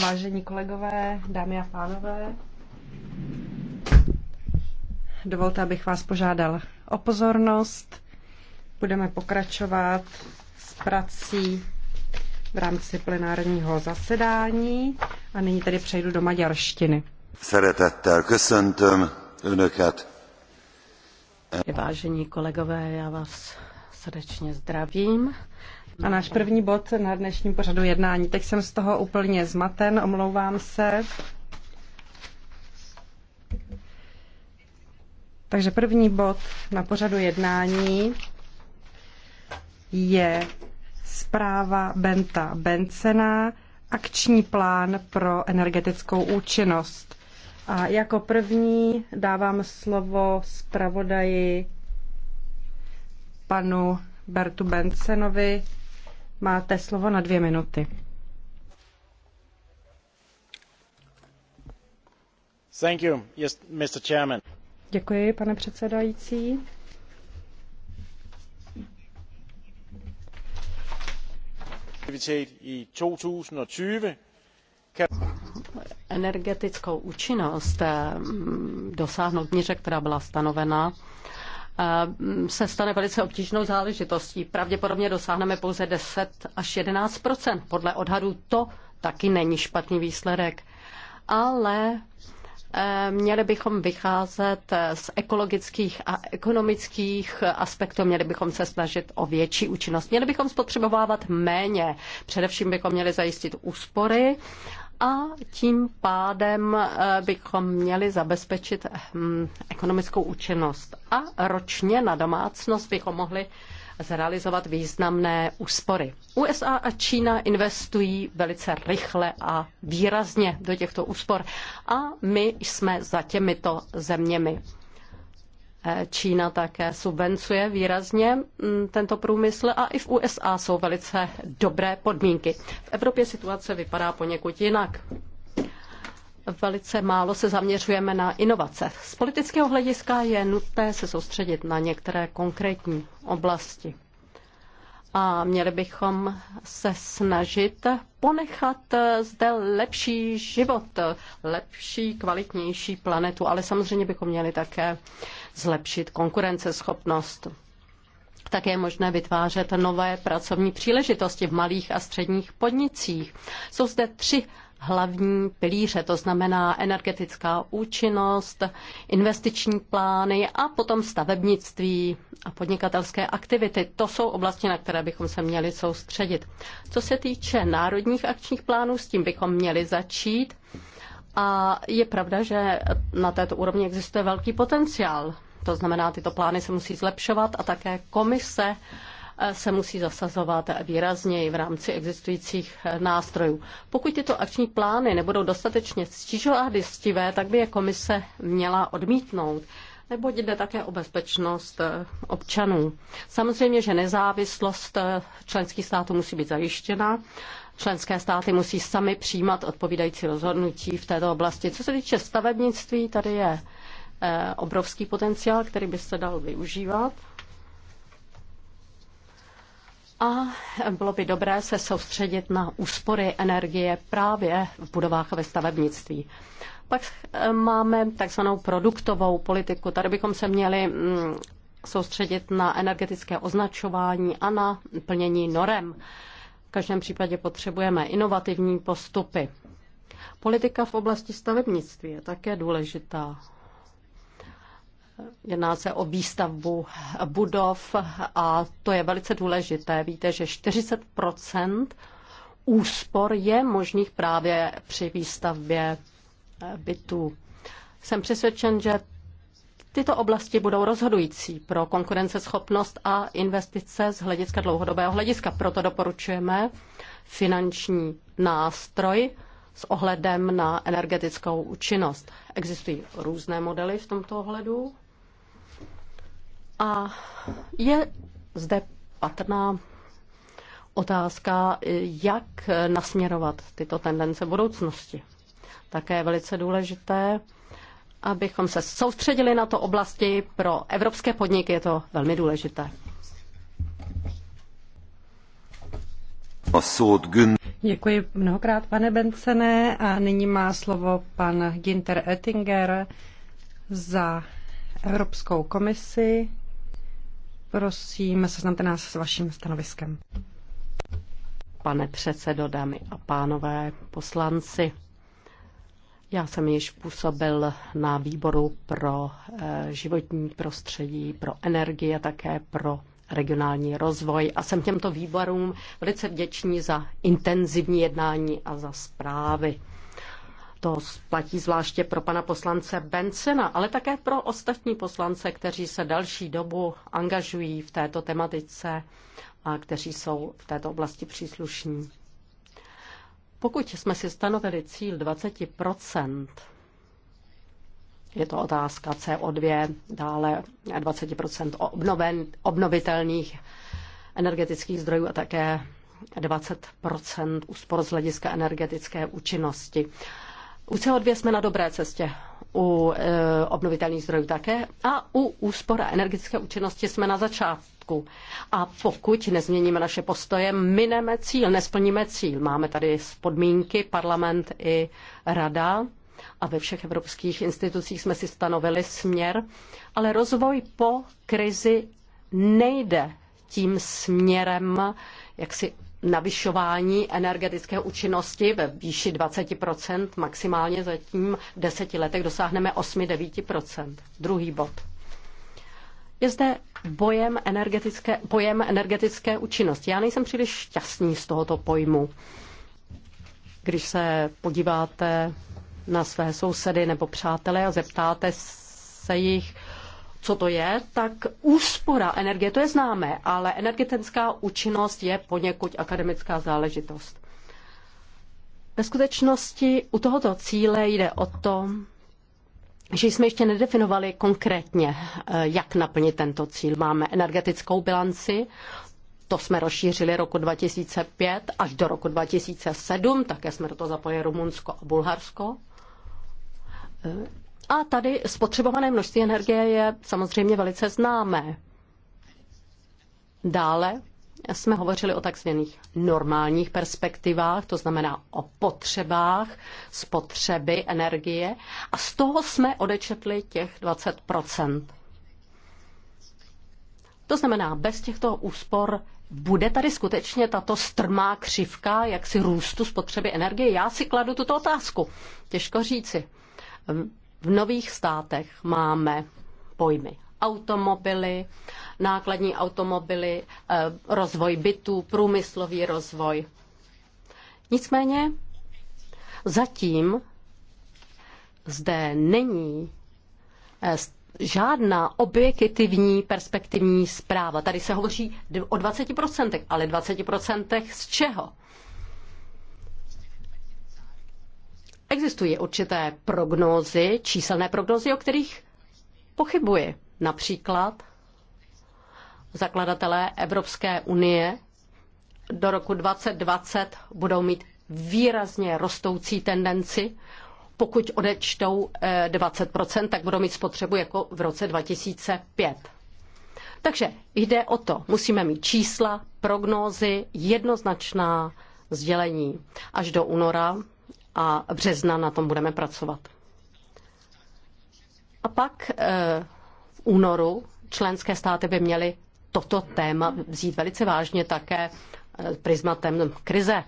Vážení kolegové, dámy a pánové, dovolte, abych vás požádal o pozornost. Budeme pokračovat s prací v rámci plenárního zasedání a nyní tedy přejdu do maďarštiny. Szeretettel köszöntöm Önöket. Vážení kolegové, já vás srdečně zdravím. A náš první bod na dnešním pořadu jednání. Teď jsem z toho úplně zmaten, omlouvám se. Takže první bod na pořadu jednání je zpráva Benta Bencena, akční plán pro energetickou účinnost. A jako první dávám slovo zpravodaji panu Bertu Bencenovi Máte slovo na dvě minuty. Thank you, yes, Mr. Chairman. Děkuji, pane předsedající. 2020 energetickou účinnost eh, dosáhnout míře, která byla stanovena Eh, se stane velice obtížnou záležitostí. Pravděpodobně dosáhneme pouze 10 až 11 Podle odhadu to taky není špatný výsledek. Ale eh, měli bychom vycházet eh, z ekologických a ekonomických aspektů, měli bychom se snažit o větší účinnost, měli bychom spotřebovávat méně, především bychom měli zajistit úspory a tím pádem eh, bychom měli zabezpečit hm, ekonomickou účinnost a ročně na domácnost bychom mohli zrealizovat významné úspory. USA a Čína investují velice rychle a výrazně do těchto úspor a my jsme za těmito zeměmi. Eh, Čína také subvencuje výrazně mm, tento průmysl a i v USA jsou velice dobré podmínky. V Evropě situace vypadá poněkud jinak. Velice málo se zaměřujeme na inovace. Z politického hlediska je nutné se soustředit na některé konkrétní oblasti. A měli bychom se snažit ponechat eh, zde lepší život, lepší, kvalitnější planetu, ale samozřejmě bychom měli také uh, zlepšit konkurenceschopnost. Také je možné vytvářet nové pracovní příležitosti v malých a středních podnicích. Jsou zde tři hlavní pilíře, to znamená energetická účinnost, investiční plány a potom stavebnictví a podnikatelské aktivity. To jsou oblasti, na které bychom se měli soustředit. Co se týče národních akčních plánů, s tím bychom měli začít. A je pravda, že na této úrovni existuje velký potenciál. To znamená, tyto plány se musí zlepšovat a také komise eh, se musí zasazovat výrazněji v rámci existujících eh, nástrojů. Pokud tyto akční plány nebudou dostatečně stížovádistivé, tak by je komise měla odmítnout nebo jde také o bezpečnost eh, občanů. Samozřejmě, že nezávislost členských států musí být zajištěna. Členské státy musí sami přijímat odpovídající rozhodnutí v této oblasti. Co se týče stavebnictví, tady je Eh, obrovský potenciál, který by se dal využívat. A bylo by dobré se soustředit na úspory energie právě v budovách ve stavebnictví. Pak eh, máme takzvanou produktovou politiku. Tady bychom se měli mm, soustředit na energetické označování a na plnění norem. V každém případě potřebujeme inovativní postupy. Politika v oblasti stavebnictví je také důležitá. Jedná se o výstavbu budov a to je velice důležité. Víte, že 40 úspor je možných právě při výstavbě eh, bytů. Jsem přesvědčen, že tyto oblasti budou rozhodující pro konkurenceschopnost a investice z hlediska dlouhodobého hlediska. Proto doporučujeme finanční nástroj s ohledem na energetickou účinnost. Existují různé modely v tomto ohledu. A je zde patrná otázka, jak nasměrovat tyto tendence v budoucnosti. Také je velice důležité, abychom se soustředili na to oblasti. Pro evropské podniky je to velmi důležité. Děkuji mnohokrát, pane Bencené. A nyní má slovo pan Ginter Ettinger za Evropskou komisi. Prosím, seznamte nás s vaším stanoviskem. Pane předsedo, dámy a pánové, poslanci, já jsem již působil na výboru pro eh, životní prostředí, pro energii a také pro regionální rozvoj a jsem těmto výborům velice vděčný za intenzivní jednání a za zprávy. To platí zvláště pro pana poslance Bencena, ale také pro ostatní poslance, kteří se další dobu angažují v této tematice a kteří jsou v této oblasti příslušní. Pokud jsme si stanovili cíl 20 je to otázka CO2, dále 20 obnoven, obnovitelných energetických zdrojů a také 20 úspor z hlediska energetické účinnosti. U CO2 jsme na dobré cestě, u e, obnovitelných zdrojů také a u a energetické účinnosti jsme na začátku. A pokud nezměníme naše postoje, mineme cíl, nesplníme cíl. Máme tady podmínky, parlament i rada a ve všech evropských institucích jsme si stanovili směr, ale rozvoj po krizi nejde tím směrem, jak si navyšování energetické účinnosti ve výši 20 maximálně zatím v deseti letech dosáhneme 8-9 Druhý bod. Je zde bojem energetické, pojem energetické účinnosti. Já nejsem příliš šťastný z tohoto pojmu. Když se podíváte na své sousedy nebo přátelé a zeptáte se jich, co to je, tak úspora energie, to je známé, ale energetická účinnost je poněkud akademická záležitost. Ve skutečnosti u tohoto cíle jde o to, že jsme ještě nedefinovali konkrétně, eh, jak naplnit tento cíl. Máme energetickou bilanci, to jsme rozšířili roku 2005 až do roku 2007, také jsme do toho zapojili Rumunsko a Bulharsko. Eh, a tady spotřebované množství energie je samozřejmě velice známé. Dále jsme hovořili o takzvaných normálních perspektivách, to znamená o potřebách spotřeby energie a z toho jsme odečetli těch 20 To znamená, bez těchto úspor bude tady skutečně tato strmá křivka jaksi růstu spotřeby energie? Já si kladu tuto otázku. Těžko říci. V nových státech máme pojmy automobily, nákladní automobily, eh, rozvoj bytů, průmyslový rozvoj. Nicméně zatím zde není eh, žádná objektivní perspektivní zpráva. Tady se hovoří o 20%, ale 20% z čeho? Existují určité prognózy, číselné prognózy, o kterých pochybuji. Například zakladatelé Evropské unie do roku 2020 budou mít výrazně rostoucí tendenci. Pokud odečtou 20%, eh, tak budou mít spotřebu jako v roce 2005. Takže jde o to, musíme mít čísla, prognózy, jednoznačná sdělení. Až do února a března na tom budeme pracovat. A pak eh, v únoru členské státy by měly toto téma vzít velice vážně také eh, prismatem krize.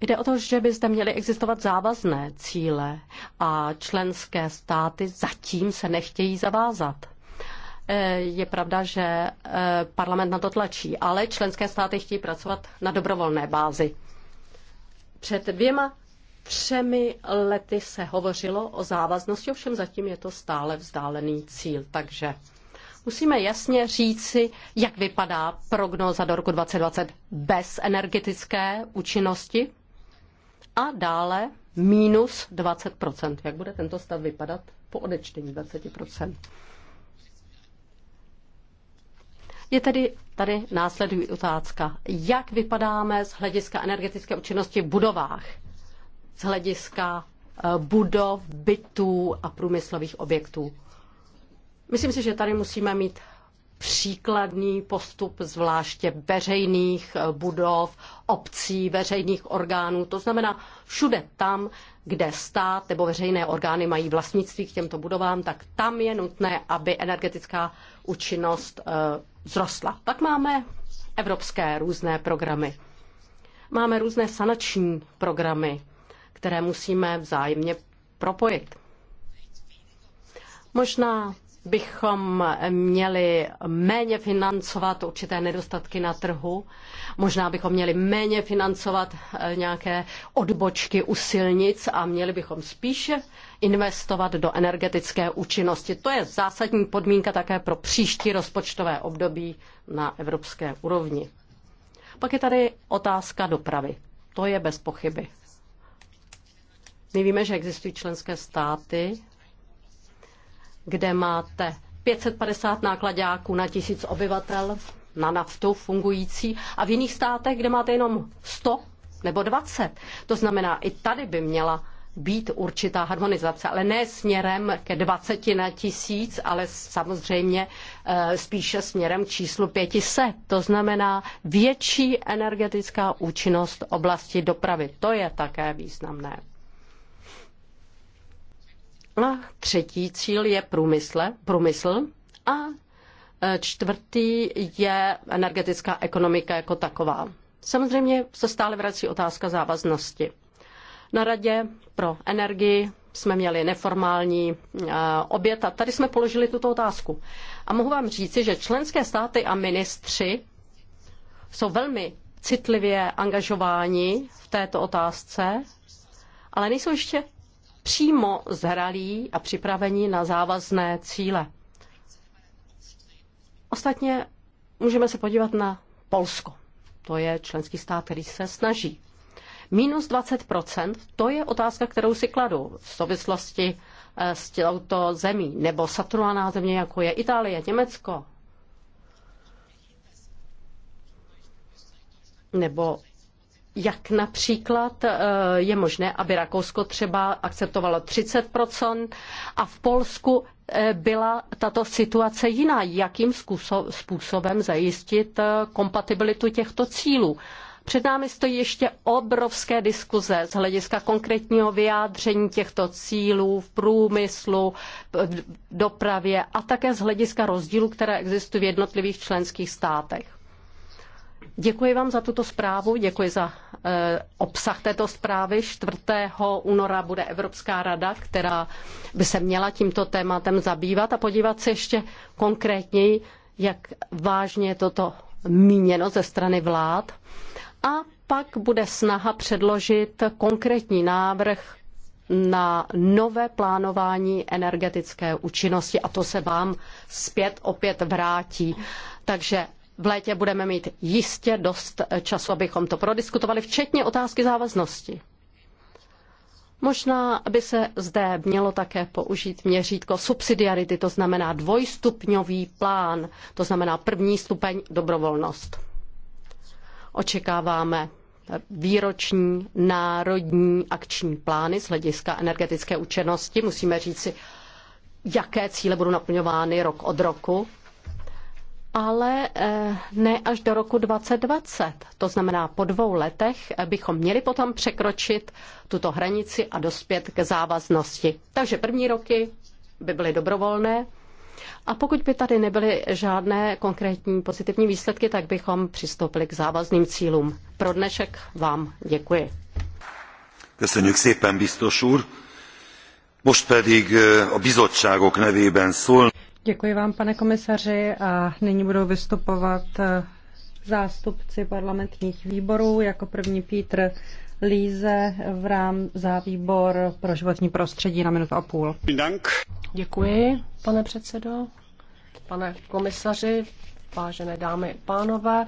Jde o to, že by zde měly existovat závazné cíle a členské státy zatím se nechtějí zavázat. Eh, je pravda, že eh, parlament na to tlačí, ale členské státy chtějí pracovat na dobrovolné bázi. Před dvěma třemi lety se hovořilo o závaznosti, ovšem zatím je to stále vzdálený cíl. Takže musíme jasně říci, jak vypadá prognóza do roku 2020 bez energetické účinnosti a dále minus 20%. Jak bude tento stav vypadat po odečtení 20%? Je tedy tady následují otázka, jak vypadáme z hlediska energetické účinnosti v budovách, z hlediska eh, budov, bytů a průmyslových objektů. Myslím si, že tady musíme mít příkladný postup zvláště veřejných eh, budov, obcí, veřejných orgánů. To znamená všude tam, kde stát nebo veřejné orgány mají vlastnictví k těmto budovám, tak tam je nutné, aby energetická účinnost eh, vzrostla. Pak máme evropské různé programy. Máme různé sanační programy, které musíme vzájemně propojit. Možná bychom měli méně financovat určité nedostatky na trhu, možná bychom měli méně financovat eh, nějaké odbočky u silnic a měli bychom spíše investovat do energetické účinnosti. To je zásadní podmínka také pro příští rozpočtové období na evropské úrovni. Pak je tady otázka dopravy. To je bez pochyby. My víme, že existují členské státy, kde máte 550 nákladáků na tisíc obyvatel na naftu fungující a v jiných státech, kde máte jenom 100 nebo 20. To znamená, i tady by měla být určitá harmonizace, ale ne směrem ke 20 na tisíc, ale samozřejmě eh, spíše směrem k číslu 500. To znamená větší energetická účinnost oblasti dopravy. To je také významné. A třetí cíl je průmysle, průmysl a e, čtvrtý je energetická ekonomika jako taková. Samozřejmě se stále vrací otázka závaznosti. Na Radě pro energii jsme měli neformální e, oběd a tady jsme položili tuto otázku. A mohu vám říci, že členské státy a ministři jsou velmi citlivě angažováni v této otázce, ale nejsou ještě přímo zhralí a připravení na závazné cíle. Ostatně můžeme se podívat na Polsko. To je členský stát, který se snaží. Minus 20%, to je otázka, kterou si kladu v souvislosti eh, s touto zemí, nebo saturovaná země, jako je Itálie, Německo, nebo jak například eh, je možné, aby Rakousko třeba akceptovalo 30% a v Polsku eh, byla tato situace jiná. Jakým způsobem zajistit eh, kompatibilitu těchto cílů? Před námi stojí ještě obrovské diskuze z hlediska konkrétního vyjádření těchto cílů v průmyslu, v dopravě a také z hlediska rozdílů, které existují v jednotlivých členských státech. Děkuji vám za tuto zprávu, děkuji za eh, obsah této zprávy. 4. února bude Evropská rada, která by se měla tímto tématem zabývat a podívat se ještě konkrétněji, jak vážně je toto míněno ze strany vlád. A pak bude snaha předložit konkrétní návrh na nové plánování energetické účinnosti a to se vám zpět opět vrátí. Takže v létě budeme mít jistě dost času, abychom to prodiskutovali, včetně otázky závaznosti. Možná by se zde mělo také použít měřítko subsidiarity, to znamená dvojstupňový plán, to znamená první stupeň dobrovolnost. Očekáváme výroční národní akční plány z hlediska energetické účinnosti. Musíme říci, jaké cíle budou naplňovány rok od roku ale eh, ne až do roku 2020. To znamená, po dvou letech bychom měli potom překročit tuto hranici a dospět k závaznosti. Takže první roky by byly dobrovolné. A pokud by tady nebyly žádné konkrétní pozitivní výsledky, tak bychom přistoupili k závazným cílům. Pro dnešek vám děkuji. Köszönjük szépen, biztos úr. Most pedig eh, a bizottságok nevében szól. Děkuji vám, pane komisaři, a nyní budou vystupovat eh, zástupci parlamentních výborů, jako první Pítr Líze v rám za výbor pro životní prostředí na minutu a půl. Děkuji, pane předsedo, pane komisaři, vážené dámy, pánové.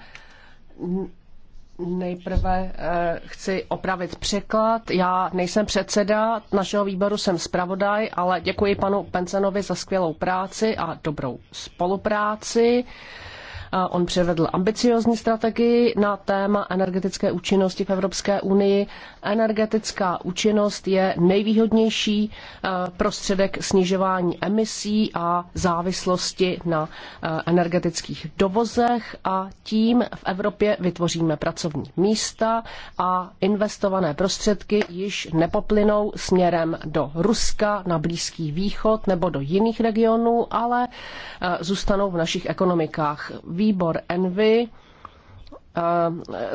Nejprve eh, chci opravit překlad. Já nejsem předseda našeho výboru, jsem zpravodaj, ale děkuji panu Pencenovi za skvělou práci a dobrou spolupráci. On předvedl ambiciozní strategii na téma energetické účinnosti v Evropské unii. Energetická účinnost je nejvýhodnější e, prostředek snižování emisí a závislosti na e, energetických dovozech a tím v Evropě vytvoříme pracovní místa a investované prostředky již nepoplynou směrem do Ruska, na Blízký východ nebo do jiných regionů, ale e, zůstanou v našich ekonomikách výbor Envy eh,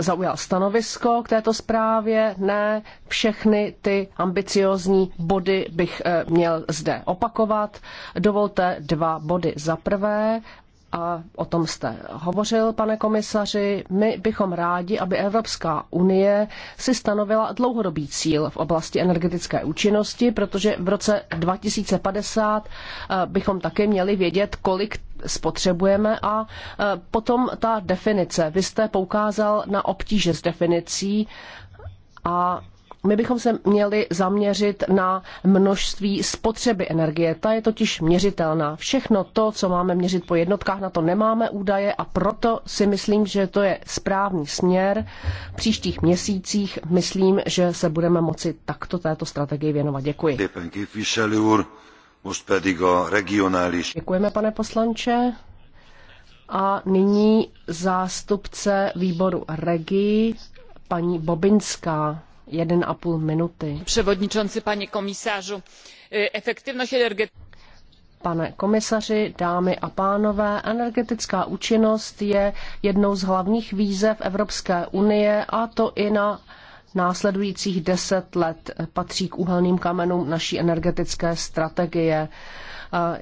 zaujal stanovisko k této zprávě. Ne, všechny ty ambiciozní body bych eh, měl zde opakovat. Dovolte dva body. Za prvé, a o tom jste hovořil, pane komisaři, my bychom rádi, aby Evropská unie si stanovila dlouhodobý cíl v oblasti energetické účinnosti, protože v roce 2050 eh, bychom také měli vědět, kolik spotřebujeme a e, potom ta definice. Vy jste poukázal na obtíže s definicí a my bychom se měli zaměřit na množství spotřeby energie. Ta je totiž měřitelná. Všechno to, co máme měřit po jednotkách, na to nemáme údaje a proto si myslím, že to je správný směr. V příštích měsících myslím, že se budeme moci takto této strategii věnovat. Děkuji. Děkujeme, pane poslanče. A nyní zástupce výboru Regi, paní Bobinská. Jeden a půl minuty. Převodničonci, paní komisářu, e, efektivnost energetiky... Pane komisaři, dámy a pánové, energetická účinnost je jednou z hlavních výzev Evropské unie a to i na následujících deset let patří k úhelným kamenům naší energetické strategie.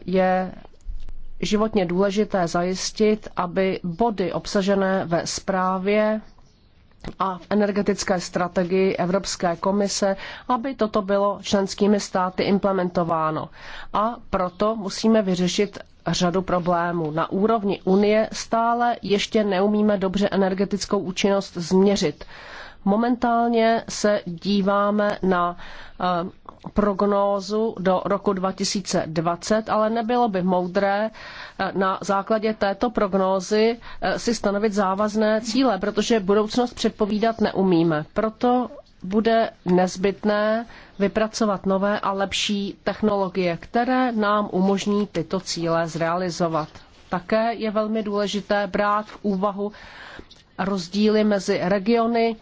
Je životně důležité zajistit, aby body obsažené ve zprávě a v energetické strategii Evropské komise, aby toto bylo členskými státy implementováno. A proto musíme vyřešit řadu problémů. Na úrovni Unie stále ještě neumíme dobře energetickou účinnost změřit. Momentálně se díváme na eh, prognózu do roku 2020, ale nebylo by moudré eh, na základě této prognózy eh, si stanovit závazné cíle, protože budoucnost předpovídat neumíme. Proto bude nezbytné vypracovat nové a lepší technologie, které nám umožní tyto cíle zrealizovat. Také je velmi důležité brát v úvahu rozdíly mezi regiony,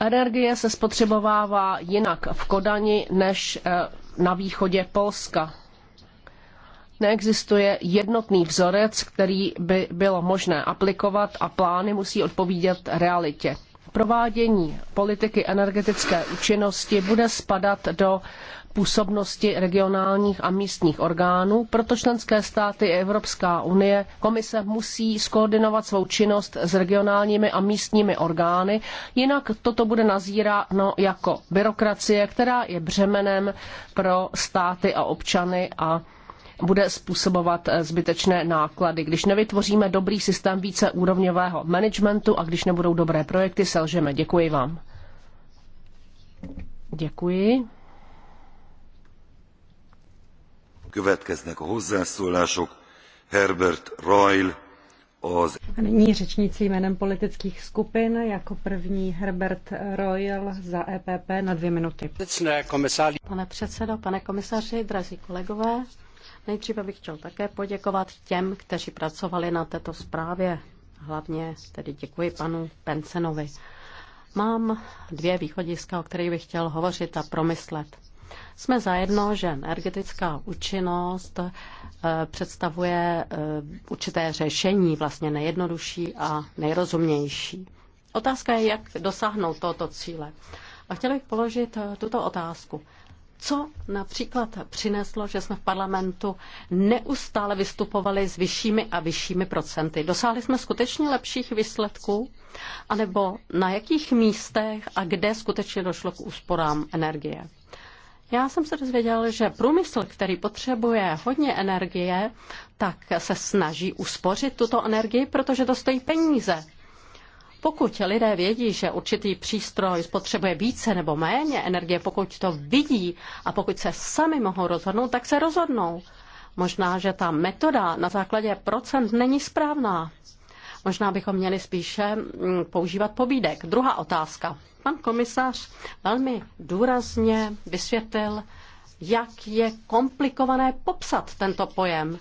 Energie se spotřebovává jinak v Kodani než eh, na východě Polska. Neexistuje jednotný vzorec, který by bylo možné aplikovat a plány musí odpovídat realitě. Provádění politiky energetické účinnosti bude spadat do působnosti regionálních a místních orgánů, proto členské státy i Evropská unie komise musí skoordinovat svou činnost s regionálními a místními orgány, jinak toto bude nazíráno jako byrokracie, která je břemenem pro státy a občany a bude způsobovat eh, zbytečné náklady. Když nevytvoříme dobrý systém víceúrovňového managementu a když nebudou dobré projekty, selžeme. Děkuji vám. Děkuji. Következnek a hozzászólások. Herbert Reul az... A nyní řečníci jménem politických skupin, jako první Herbert Royal za EPP na dvě minuty. Pane předsedo, pane komisaři, drazí kolegové, nejdříve bych chtěl také poděkovat těm, kteří pracovali na této zprávě. Hlavně tedy děkuji panu Pensenovi. Mám dvě východiska, o kterých bych chtěl hovořit a promyslet. Jsme zajedno, že energetická účinnost eh, představuje eh, určité řešení, vlastně nejjednodušší a nejrozumější. Otázka je, jak dosáhnout tohoto cíle. A chtěla bych položit eh, tuto otázku. Co například přineslo, že jsme v parlamentu neustále vystupovali s vyššími a vyššími procenty? Dosáhli jsme skutečně lepších výsledků? A nebo na jakých místech a kde skutečně došlo k úsporám energie? Já jsem se dozvěděl, že průmysl, který potřebuje hodně energie, tak se snaží uspořit tuto energii, protože to stojí peníze. Pokud lidé vědí, že určitý přístroj spotřebuje více nebo méně energie, pokud to vidí a pokud se sami mohou rozhodnout, tak se rozhodnou. Možná, že ta metoda na základě procent není správná. Možná bychom měli spíše mm, používat pobídek. Druhá otázka. Pan komisař velmi důrazně vysvětlil, jak je komplikované popsat tento pojem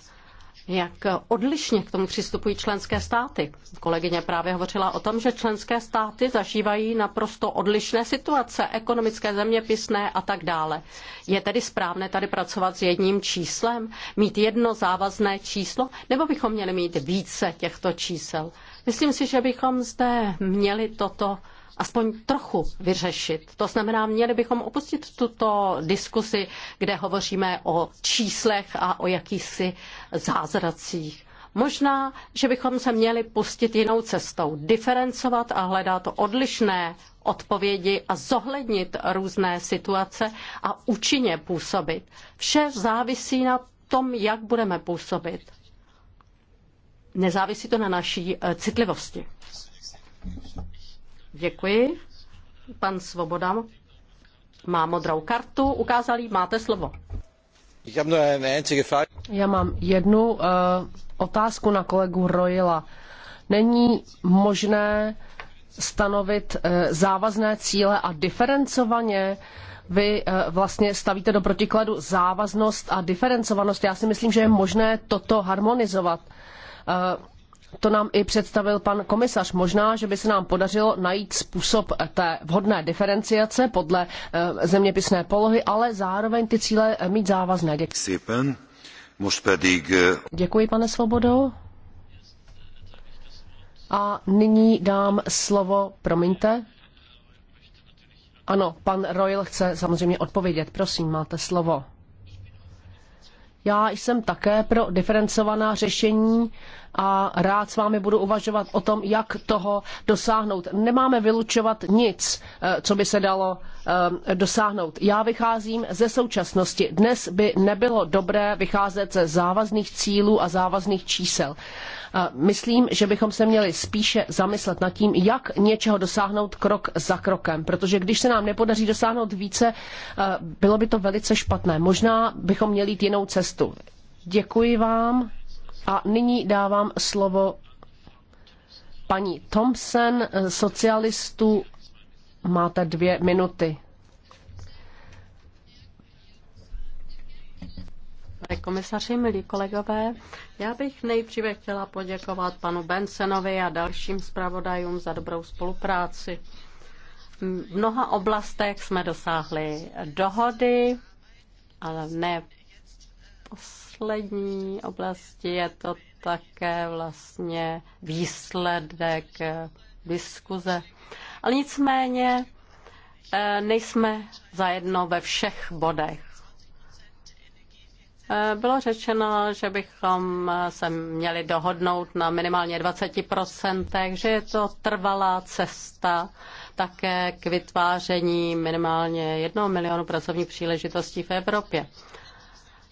jak odlišně k tomu přistupují členské státy. Kolegyně právě hovořila o tom, že členské státy zažívají naprosto odlišné situace, ekonomické, zeměpisné a tak dále. Je tedy správné tady pracovat s jedním číslem, mít jedno závazné číslo, nebo bychom měli mít více těchto čísel? Myslím si, že bychom zde měli toto aspoň trochu vyřešit. To znamená, měli bychom opustit tuto diskusi, kde hovoříme o číslech a o jakýchsi zázracích. Možná, že bychom se měli pustit jinou cestou, diferencovat a hledat odlišné odpovědi a zohlednit různé situace a účinně působit. Vše závisí na tom, jak budeme působit. Nezávisí to na naší eh, citlivosti. Děkuji. Pan Svoboda má modrou kartu. Ukázali, máte slovo. Já mám jednu uh, otázku na kolegu Rojila. Není možné stanovit uh, závazné cíle a diferencovaně vy eh, vlastně stavíte do protikladu závaznost a diferencovanost. Já si myslím, že je možné toto harmonizovat to nám i představil pan komisař. Možná, že by se nám podařilo najít způsob té vhodné diferenciace podle eh, zeměpisné polohy, ale zároveň ty cíle eh, mít závazné. Děkuji. Eh, Děkuji, pane Svobodo. A nyní dám slovo, promiňte. Ano, pan Royal chce samozřejmě odpovědět. Prosím, máte slovo. Já jsem také pro diferencovaná řešení a rád s vámi budu uvažovat o tom, jak toho dosáhnout. Nemáme vylučovat nic, eh, co by se dalo eh, dosáhnout. Já vycházím ze současnosti. Dnes by nebylo dobré vycházet ze závazných cílů a závazných čísel. Eh, myslím, že bychom se měli spíše zamyslet nad tím, jak něčeho dosáhnout krok za krokem, protože když se nám nepodaří dosáhnout více, bylo by to velice špatné. Možná bychom měli jít jinou cestu. Děkuji vám. A nyní dávám slovo paní Thompson, socialistů. Máte dvě minuty. Pane komisaři, milí kolegové, já bych nejdříve chtěla poděkovat panu Bensenovi a dalším zpravodajům za dobrou spolupráci. V mnoha oblastech jsme dosáhli dohody, ale ne poslední oblasti je to také vlastně výsledek eh, diskuze. Ale nicméně eh, nejsme zajedno ve všech bodech. Eh, bylo řečeno, že bychom se měli dohodnout na minimálně 20%, že je to trvalá cesta také k vytváření minimálně jednoho milionu pracovních příležitostí v Evropě.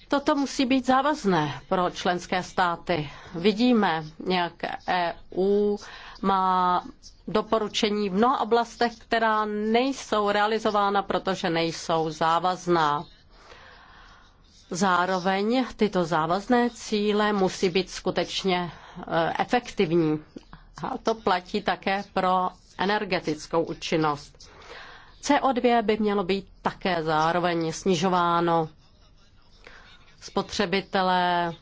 Toto musí být závazné pro členské státy. Vidíme, jak EU má doporučení v mnoha oblastech, která nejsou realizována, protože nejsou závazná. Zároveň tyto závazné cíle musí být skutečně eh, efektivní. A to platí také pro energetickou účinnost. CO2 by mělo být také zároveň snižováno Spotřebitelé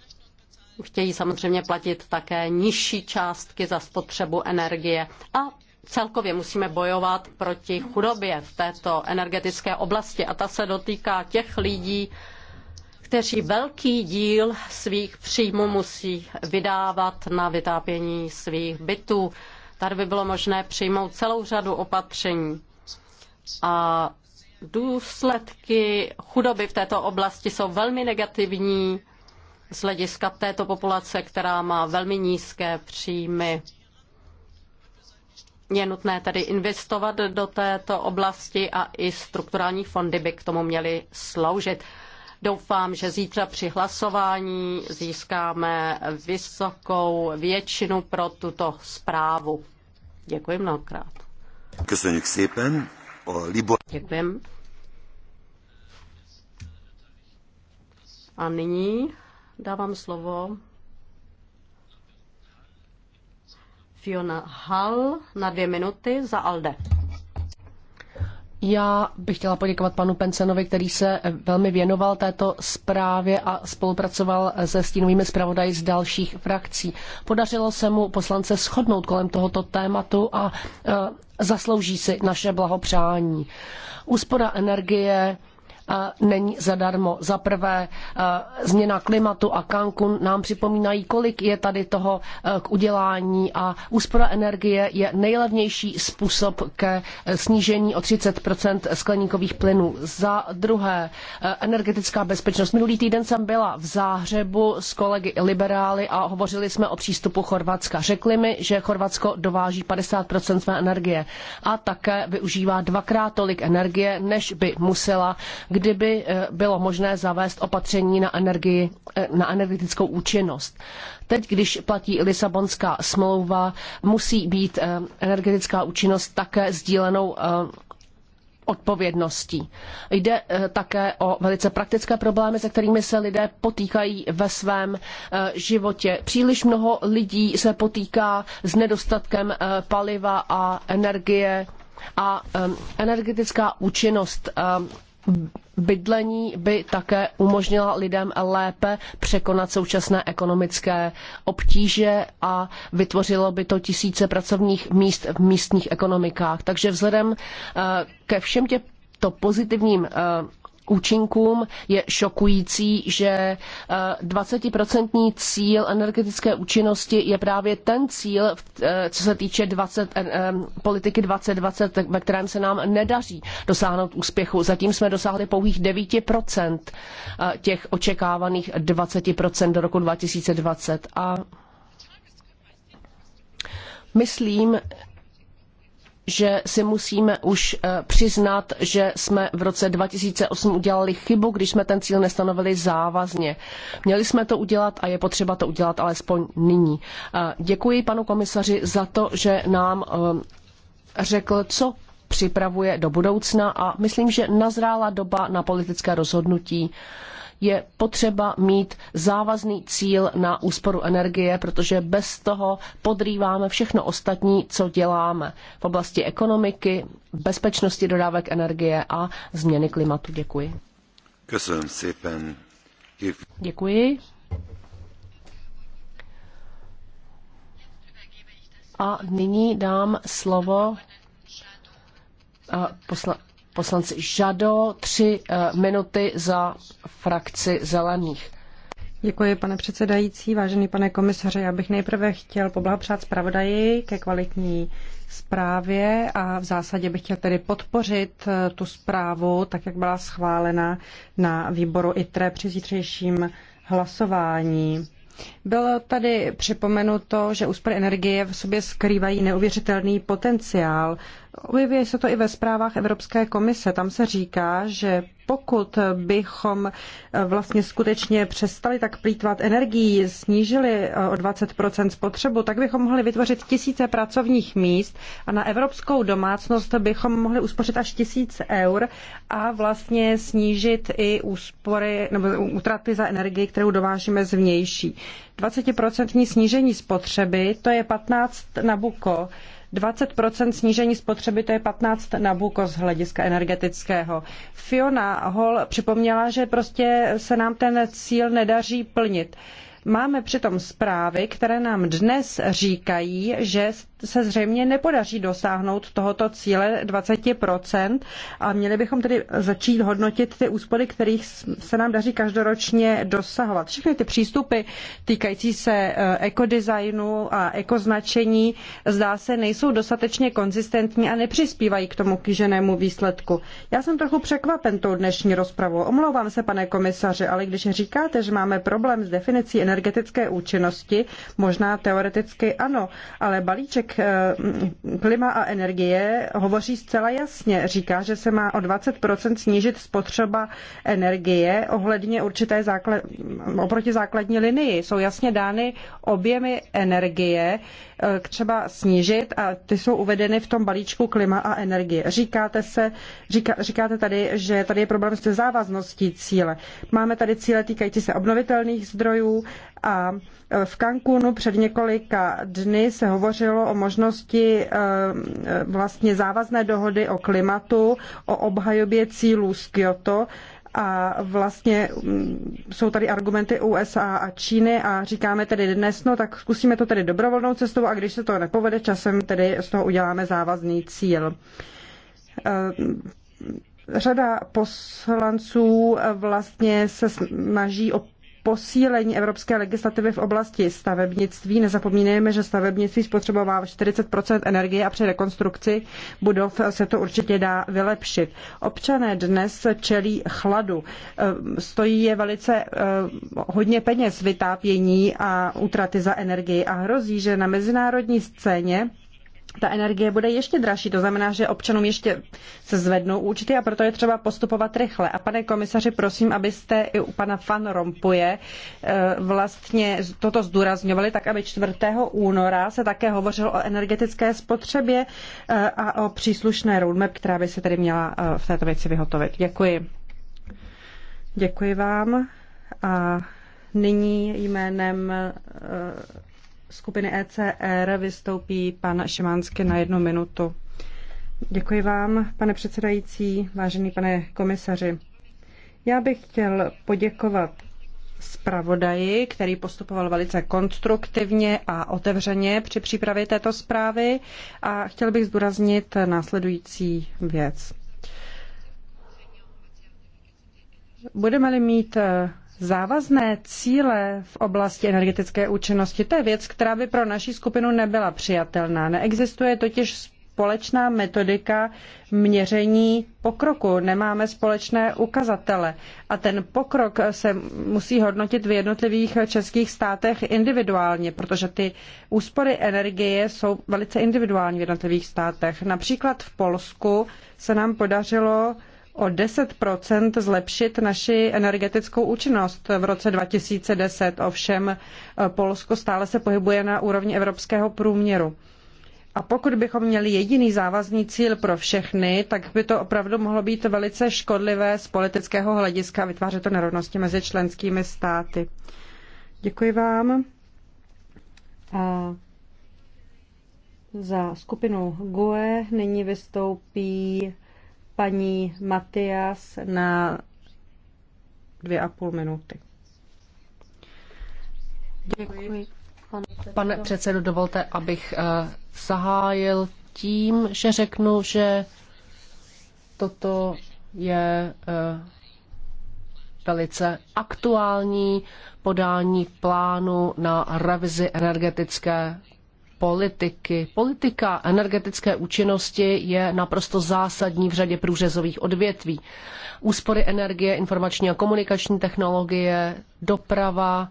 chtějí samozřejmě platit také nižší částky za spotřebu energie a celkově musíme bojovat proti chudobě v této energetické oblasti a ta se dotýká těch lidí, kteří velký díl svých příjmů musí vydávat na vytápění svých bytů. Tady by bylo možné přijmout celou řadu opatření. A důsledky chudoby v této oblasti jsou velmi negativní z hlediska této populace, která má velmi nízké příjmy. Je nutné tedy investovat do této oblasti a i strukturální fondy by k tomu měly sloužit. Doufám, že zítra při hlasování získáme vysokou většinu pro tuto zprávu. Děkuji mnohokrát. Köszönjük szépen o Libor... Děkujem. A nyní dávám slovo Fiona Hall na dvě minuty za ALDE. Já bych chtěla poděkovat panu Pensenovi, který se velmi věnoval této zprávě a spolupracoval se stínovými zpravodaji z dalších frakcí. Podařilo se mu poslance shodnout kolem tohoto tématu a e, zaslouží si naše blahopřání. Úspora energie, není zadarmo. Za prvé, e, změna klimatu a Cancun nám připomínají, kolik je tady toho e, k udělání a úspora energie je nejlevnější způsob ke snížení o 30 skleníkových plynů. Za druhé, e, energetická bezpečnost. Minulý týden jsem byla v Záhřebu s kolegy liberály a hovořili jsme o přístupu Chorvatska. Řekli mi, že Chorvatsko dováží 50 své energie a také využívá dvakrát tolik energie, než by musela kdyby eh, bylo možné zavést opatření na, energii, eh, na energetickou účinnost. Teď, když platí Lisabonská smlouva, musí být eh, energetická účinnost také sdílenou odpovědností. Jde také o velice praktické problémy, se kterými se lidé potýkají ve svém životě. Příliš mnoho lidí se potýká s nedostatkem paliva a energie a energetická účinnost bydlení by také umožnila lidem lépe překonat současné ekonomické obtíže a vytvořilo by to tisíce pracovních míst v místních ekonomikách. Takže vzhledem eh, ke všem těm to pozitivním eh, účinkům je šokující, že 20% eh, cíl energetické účinnosti je právě ten cíl, eh, co se týče 20, eh, politiky 2020, ve kterém se nám nedaří dosáhnout úspěchu. Zatím jsme dosáhli pouhých 9% těch očekávaných 20% do roku 2020. A myslím, že si musíme už eh, přiznat, že jsme v roce 2008 udělali chybu, když jsme ten cíl nestanovili závazně. Měli jsme to udělat a je potřeba to udělat alespoň nyní. Eh, děkuji panu komisaři za to, že nám eh, řekl, co připravuje do budoucna a myslím, že nazrála doba na politické rozhodnutí je potřeba mít závazný cíl na úsporu energie, protože bez toho podrýváme všechno ostatní, co děláme v oblasti ekonomiky, bezpečnosti dodávek energie a změny klimatu. Děkuji. Děkuji. A nyní dám slovo posla- poslanci Žado, tři eh, minuty za frakci zelených. Děkuji, pane předsedající. Vážený pane komisaře, já bych nejprve chtěl poblahopřát zpravodaji ke kvalitní zprávě a v zásadě bych chtěl tedy podpořit eh, tu zprávu, tak jak byla schválena na výboru ITRE při zítřejším hlasování. Bylo tady připomenuto, že úspory energie v sobě skrývají neuvěřitelný potenciál Objevuje se to i ve zprávách Evropské komise. Tam se říká, že pokud bychom eh, vlastně skutečně přestali tak plítvat energii, snížili eh, o 20% spotřebu, tak bychom mohli vytvořit tisíce pracovních míst a na evropskou domácnost bychom mohli uspořit až tisíc eur a vlastně snížit i úspory nebo utraty za energii, kterou dovážíme zvnější. 20% snížení spotřeby, to je 15 na buko 20% snížení spotřeby, to je 15 na z hlediska energetického. Fiona Hall připomněla, že prostě se nám ten cíl nedaří plnit. Máme přitom zprávy, které nám dnes říkají, že se zřejmě nepodaří dosáhnout tohoto cíle 20% a měli bychom tedy začít hodnotit ty úspory, kterých se nám daří každoročně dosahovat. Všechny ty přístupy týkající se eh, ekodesignu a ekoznačení zdá se nejsou dostatečně konzistentní a nepřispívají k tomu kýženému výsledku. Já jsem trochu překvapen tou dnešní rozpravou. Omlouvám se, pane komisaři, ale když říkáte, že máme problém s definicí energetické účinnosti, možná teoreticky ano, ale balíček Eh, klima a energie hovoří zcela jasně. Říká, že se má o 20% snížit spotřeba energie ohledně určité základ, oproti základní linii. Jsou jasně dány objemy energie, eh, třeba snížit a ty jsou uvedeny v tom balíčku klima a energie. Říkáte, se, říká, říkáte tady, že tady je problém se závazností cíle. Máme tady cíle týkající se obnovitelných zdrojů, a v Cancúnu před několika dny se hovořilo o možnosti eh, vlastně závazné dohody o klimatu, o obhajobě cílů z Kyoto a vlastně mm, jsou tady argumenty USA a Číny a říkáme tedy dnes, no tak zkusíme to tedy dobrovolnou cestou a když se to nepovede časem, tedy z toho uděláme závazný cíl. Eh, řada poslanců vlastně se snaží o posílení evropské legislativy v oblasti stavebnictví. Nezapomínejme, že stavebnictví spotřebová 40 energie a při rekonstrukci budov se to určitě dá vylepšit. Občané dnes čelí chladu. Ehm, stojí je velice ehm, hodně peněz vytápění a útraty za energii a hrozí, že na mezinárodní scéně ta energie bude ještě dražší. To znamená, že občanům ještě se zvednou účty a proto je třeba postupovat rychle. A pane komisaři, prosím, abyste i u pana Van Rompuje eh, vlastně toto zdůrazňovali, tak aby 4. února se také hovořilo o energetické spotřebě eh, a o příslušné roadmap, která by se tedy měla eh, v této věci vyhotovit. Děkuji. Děkuji vám. A nyní jménem skupiny ECR vystoupí pan Šimánsky na jednu minutu. Děkuji vám, pane předsedající, vážený pane komisaři. Já bych chtěl poděkovat zpravodaji, který postupoval velice konstruktivně a otevřeně při přípravě této zprávy a chtěl bych zdůraznit následující věc. Budeme-li mít Závazné cíle v oblasti energetické účinnosti, to je věc, která by pro naši skupinu nebyla přijatelná. Neexistuje totiž společná metodika měření pokroku, nemáme společné ukazatele a ten pokrok se musí hodnotit v jednotlivých českých státech individuálně, protože ty úspory energie jsou velice individuální v jednotlivých státech. Například v Polsku se nám podařilo o 10 zlepšit naši energetickou účinnost v roce 2010. Ovšem eh, Polsko stále se pohybuje na úrovni evropského průměru. A pokud bychom měli jediný závazný cíl pro všechny, tak by to opravdu mohlo být velice škodlivé z politického hlediska a vytvářet to nerovnosti mezi členskými státy. Děkuji vám. A za skupinu GUE nyní vystoupí paní Matias na dvě a půl minuty. Děkuji. Pane předsedo, dovolte, abych eh, zahájil tím, že řeknu, že toto je eh, velice aktuální podání plánu na revizi energetické politiky. Politika energetické účinnosti je naprosto zásadní v řadě průřezových odvětví. Úspory energie, informační a komunikační technologie, doprava,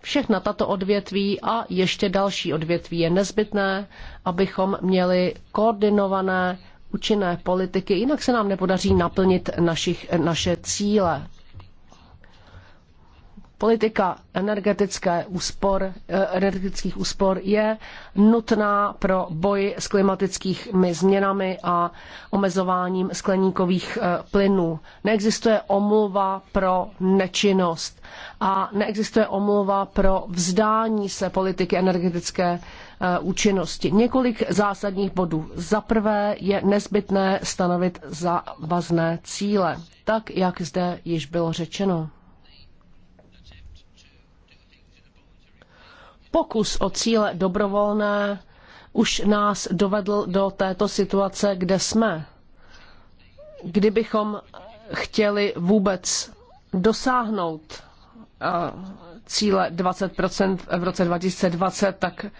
všechna tato odvětví a ještě další odvětví je nezbytné, abychom měli koordinované účinné politiky, jinak se nám nepodaří naplnit našich, naše cíle politika energetické úspor, eh, energetických úspor je nutná pro boj s klimatickými změnami a omezováním skleníkových eh, plynů. Neexistuje omluva pro nečinnost a neexistuje omluva pro vzdání se politiky energetické eh, účinnosti. Několik zásadních bodů. Za prvé je nezbytné stanovit závazné cíle, tak jak zde již bylo řečeno. pokus o cíle dobrovolné už nás dovedl do této situace, kde jsme. Kdybychom chtěli vůbec dosáhnout cíle 20% v roce 2020, tak eh,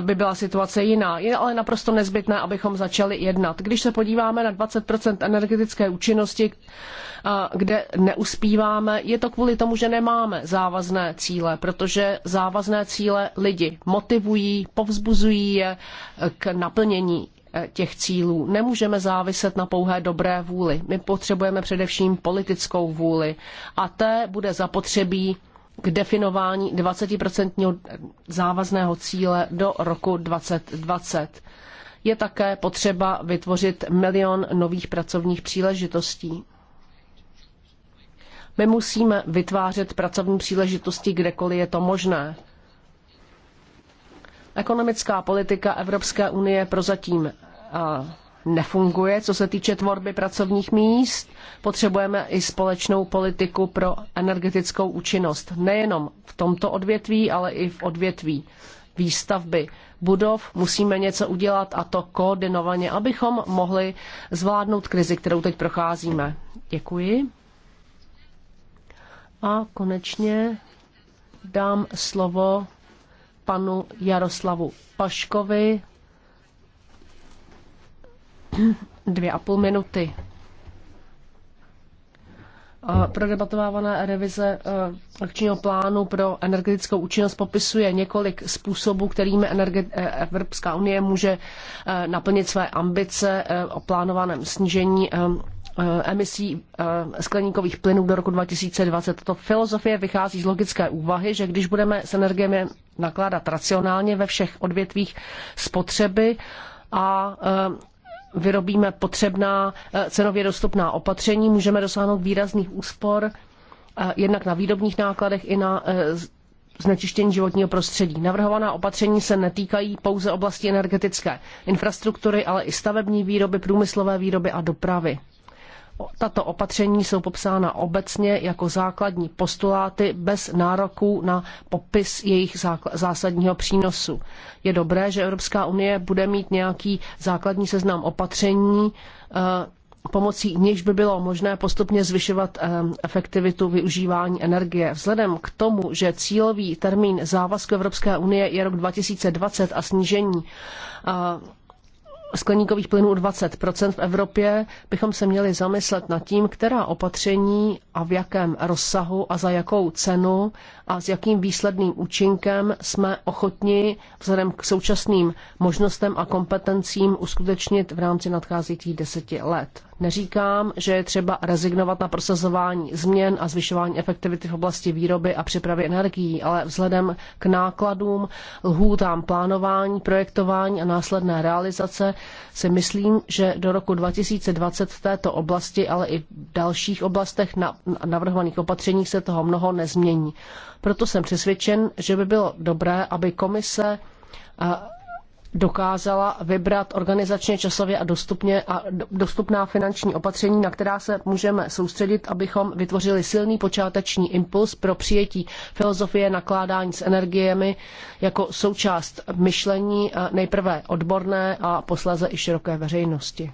by byla situace jiná. Je ale naprosto nezbytné, abychom začali jednat. Když se podíváme na 20% energetické účinnosti, eh, kde neuspíváme, je to kvůli tomu, že nemáme závazné cíle, protože závazné cíle lidi motivují, povzbuzují je eh, k naplnění těch cílů. Nemůžeme záviset na pouhé dobré vůli. My potřebujeme především politickou vůli a té bude zapotřebí k definování 20% závazného cíle do roku 2020. Je také potřeba vytvořit milion nových pracovních příležitostí. My musíme vytvářet pracovní příležitosti kdekoliv je to možné. Ekonomická politika Evropské unie prozatím nefunguje, co se týče tvorby pracovních míst. Potřebujeme i společnou politiku pro energetickou účinnost. Nejenom v tomto odvětví, ale i v odvětví výstavby budov. Musíme něco udělat a to koordinovaně, abychom mohli zvládnout krizi, kterou teď procházíme. Děkuji. A konečně dám slovo panu Jaroslavu Paškovi, dvě a půl minuty. Prodebatovávaná revize eh, akčního plánu pro energetickou účinnost popisuje několik způsobů, kterými eh, Evropská unie může eh, naplnit své ambice o plánovaném snížení emisí skleníkových plynů do roku 2020. Tato filozofie vychází z logické úvahy, že když budeme s energiemi nakládat racionálně ve všech odvětvích spotřeby a vyrobíme potřebná eh, cenově dostupná opatření, můžeme dosáhnout výrazných úspor eh, jednak na výrobních nákladech i na eh, znečištění životního prostředí. Navrhovaná opatření se netýkají pouze oblasti energetické infrastruktury, ale i stavební výroby, průmyslové výroby a dopravy. Tato opatření jsou popsána obecně jako základní postuláty bez nároků na popis jejich zásadního přínosu. Je dobré, že Evropská unie bude mít nějaký základní seznam opatření, eh, pomocí nichž by bylo možné postupně zvyšovat eh, efektivitu využívání energie. Vzhledem k tomu, že cílový termín závazku Evropské unie je rok 2020 a snížení eh, skleníkových plynů 20 v Evropě, bychom se měli zamyslet nad tím, která opatření a v jakém rozsahu a za jakou cenu a s jakým výsledným účinkem jsme ochotni vzhledem k současným možnostem a kompetencím uskutečnit v rámci nadcházejících deseti let. Neříkám, že je třeba rezignovat na prosazování změn a zvyšování efektivity v oblasti výroby a přepravy energií, ale vzhledem k nákladům, lhůtám plánování, projektování a následné realizace si myslím, že do roku 2020 v této oblasti, ale i v dalších oblastech na navrhovaných opatřeních se toho mnoho nezmění. Proto jsem přesvědčen, že by bylo dobré, aby komise eh, dokázala vybrat organizačně, časově a, dostupně a dostupná finanční opatření, na která se můžeme soustředit, abychom vytvořili silný počáteční impuls pro přijetí filozofie nakládání s energiemi jako součást myšlení eh, nejprve odborné a posléze i široké veřejnosti.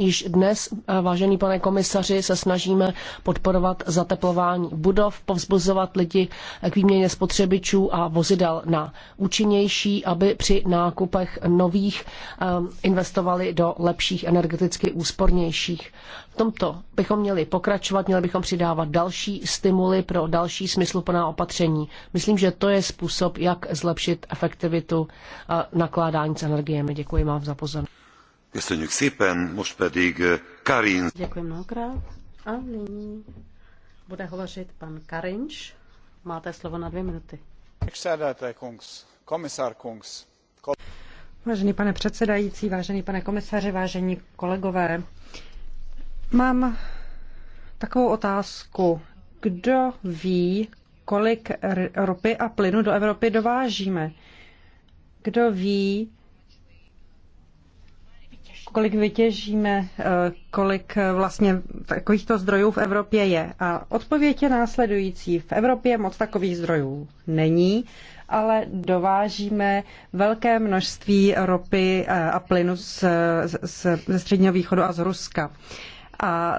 Již dnes, eh, vážený pane komisaři, se snažíme podporovat zateplování budov, povzbuzovat lidi k výměně spotřebičů a vozidel na účinnější, aby při nákupech nových eh, investovali do lepších energeticky úspornějších. V tomto bychom měli pokračovat, měli bychom přidávat další stimuly pro další smysluplná opatření. Myslím, že to je způsob, jak zlepšit efektivitu eh, nakládání s energiemi. Děkuji vám za pozornost. Köszönjük szépen, most pedig eh, Karin. Děkuji mnohokrát. A nyní bude hovořit pan Karinč. Máte slovo na dvě minuty. Vážený pane předsedající, vážený pane komisaři, vážení kolegové, mám takovou otázku. Kdo ví, kolik ropy a plynu do Evropy dovážíme? Kdo ví, kolik vytěžíme, eh, kolik eh, vlastně takovýchto zdrojů v Evropě je. A odpověď je následující. V Evropě moc takových zdrojů není, ale dovážíme velké množství ropy eh, a plynu z, z, ze Středního východu a z Ruska. A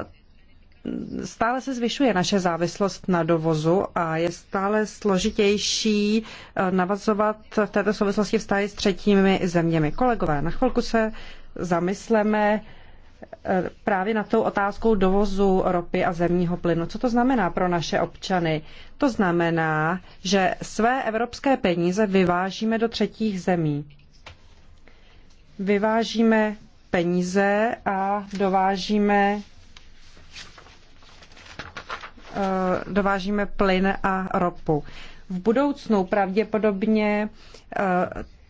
stále se zvyšuje naše závislost na dovozu a je stále složitější navazovat v této souvislosti vztahy s třetími zeměmi. Kolegové, na chvilku se zamysleme eh, právě na tou otázkou dovozu ropy a zemního plynu. Co to znamená pro naše občany? To znamená, že své evropské peníze vyvážíme do třetích zemí. Vyvážíme peníze a dovážíme eh, dovážíme plyn a ropu. V budoucnu pravděpodobně eh,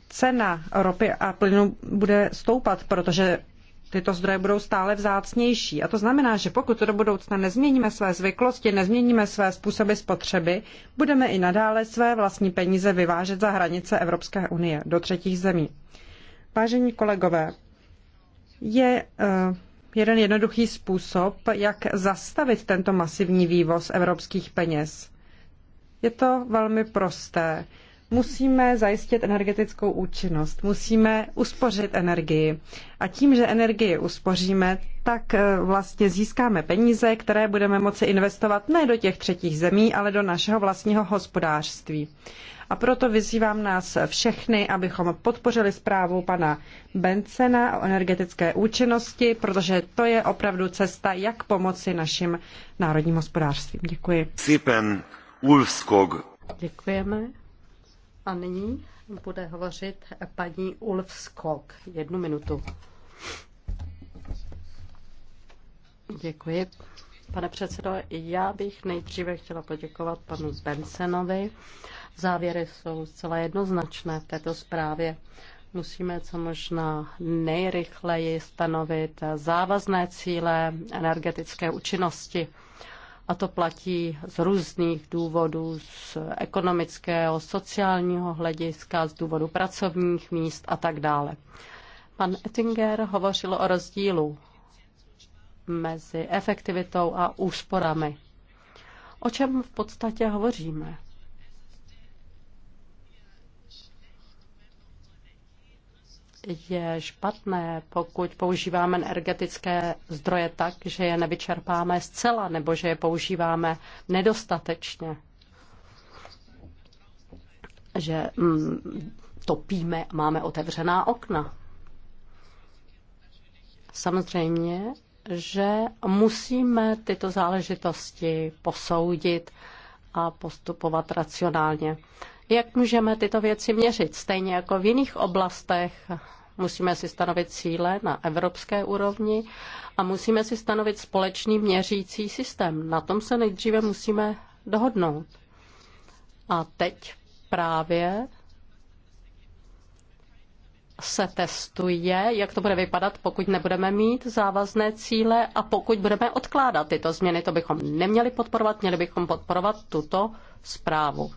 cena ropy a plynu bude stoupat, protože tyto zdroje budou stále vzácnější. A to znamená, že pokud do budoucna nezměníme své zvyklosti, nezměníme své způsoby spotřeby, budeme i nadále své vlastní peníze vyvážet za hranice Evropské unie do třetích zemí. Vážení kolegové, je uh, jeden jednoduchý způsob, jak zastavit tento masivní vývoz evropských peněz. Je to velmi prosté. Musíme zajistit energetickou účinnost, musíme uspořit energii. A tím, že energii uspoříme, tak eh, vlastně získáme peníze, které budeme moci investovat ne do těch třetích zemí, ale do našeho vlastního hospodářství. A proto vyzývám nás všechny, abychom podpořili zprávu pana Bencena o energetické účinnosti, protože to je opravdu cesta, jak pomoci našim národním hospodářstvím. Děkuji. Sipen Děkujeme. A nyní bude hovořit paní Ulf Skok. Jednu minutu. Děkuji. Pane předsedo, já bych nejdříve chtěla poděkovat panu Bensenovi. Závěry jsou zcela jednoznačné v této zprávě. Musíme co možná nejrychleji stanovit závazné cíle energetické účinnosti a to platí z různých důvodů, z ekonomického, sociálního hlediska, z důvodu pracovních míst a tak dále. Pan Ettinger hovořil o rozdílu mezi efektivitou a úsporami. O čem v podstatě hovoříme? je špatné, pokud používáme energetické zdroje tak, že je nevyčerpáme zcela nebo že je používáme nedostatečně. Že mm, topíme, máme otevřená okna. Samozřejmě, že musíme tyto záležitosti posoudit a postupovat racionálně. Jak můžeme tyto věci měřit? Stejně jako v jiných oblastech musíme si stanovit cíle na evropské úrovni a musíme si stanovit společný měřící systém. Na tom se nejdříve musíme dohodnout. A teď právě se testuje, jak to bude vypadat, pokud nebudeme mít závazné cíle a pokud budeme odkládat tyto změny. To bychom neměli podporovat, měli bychom podporovat tuto zprávu.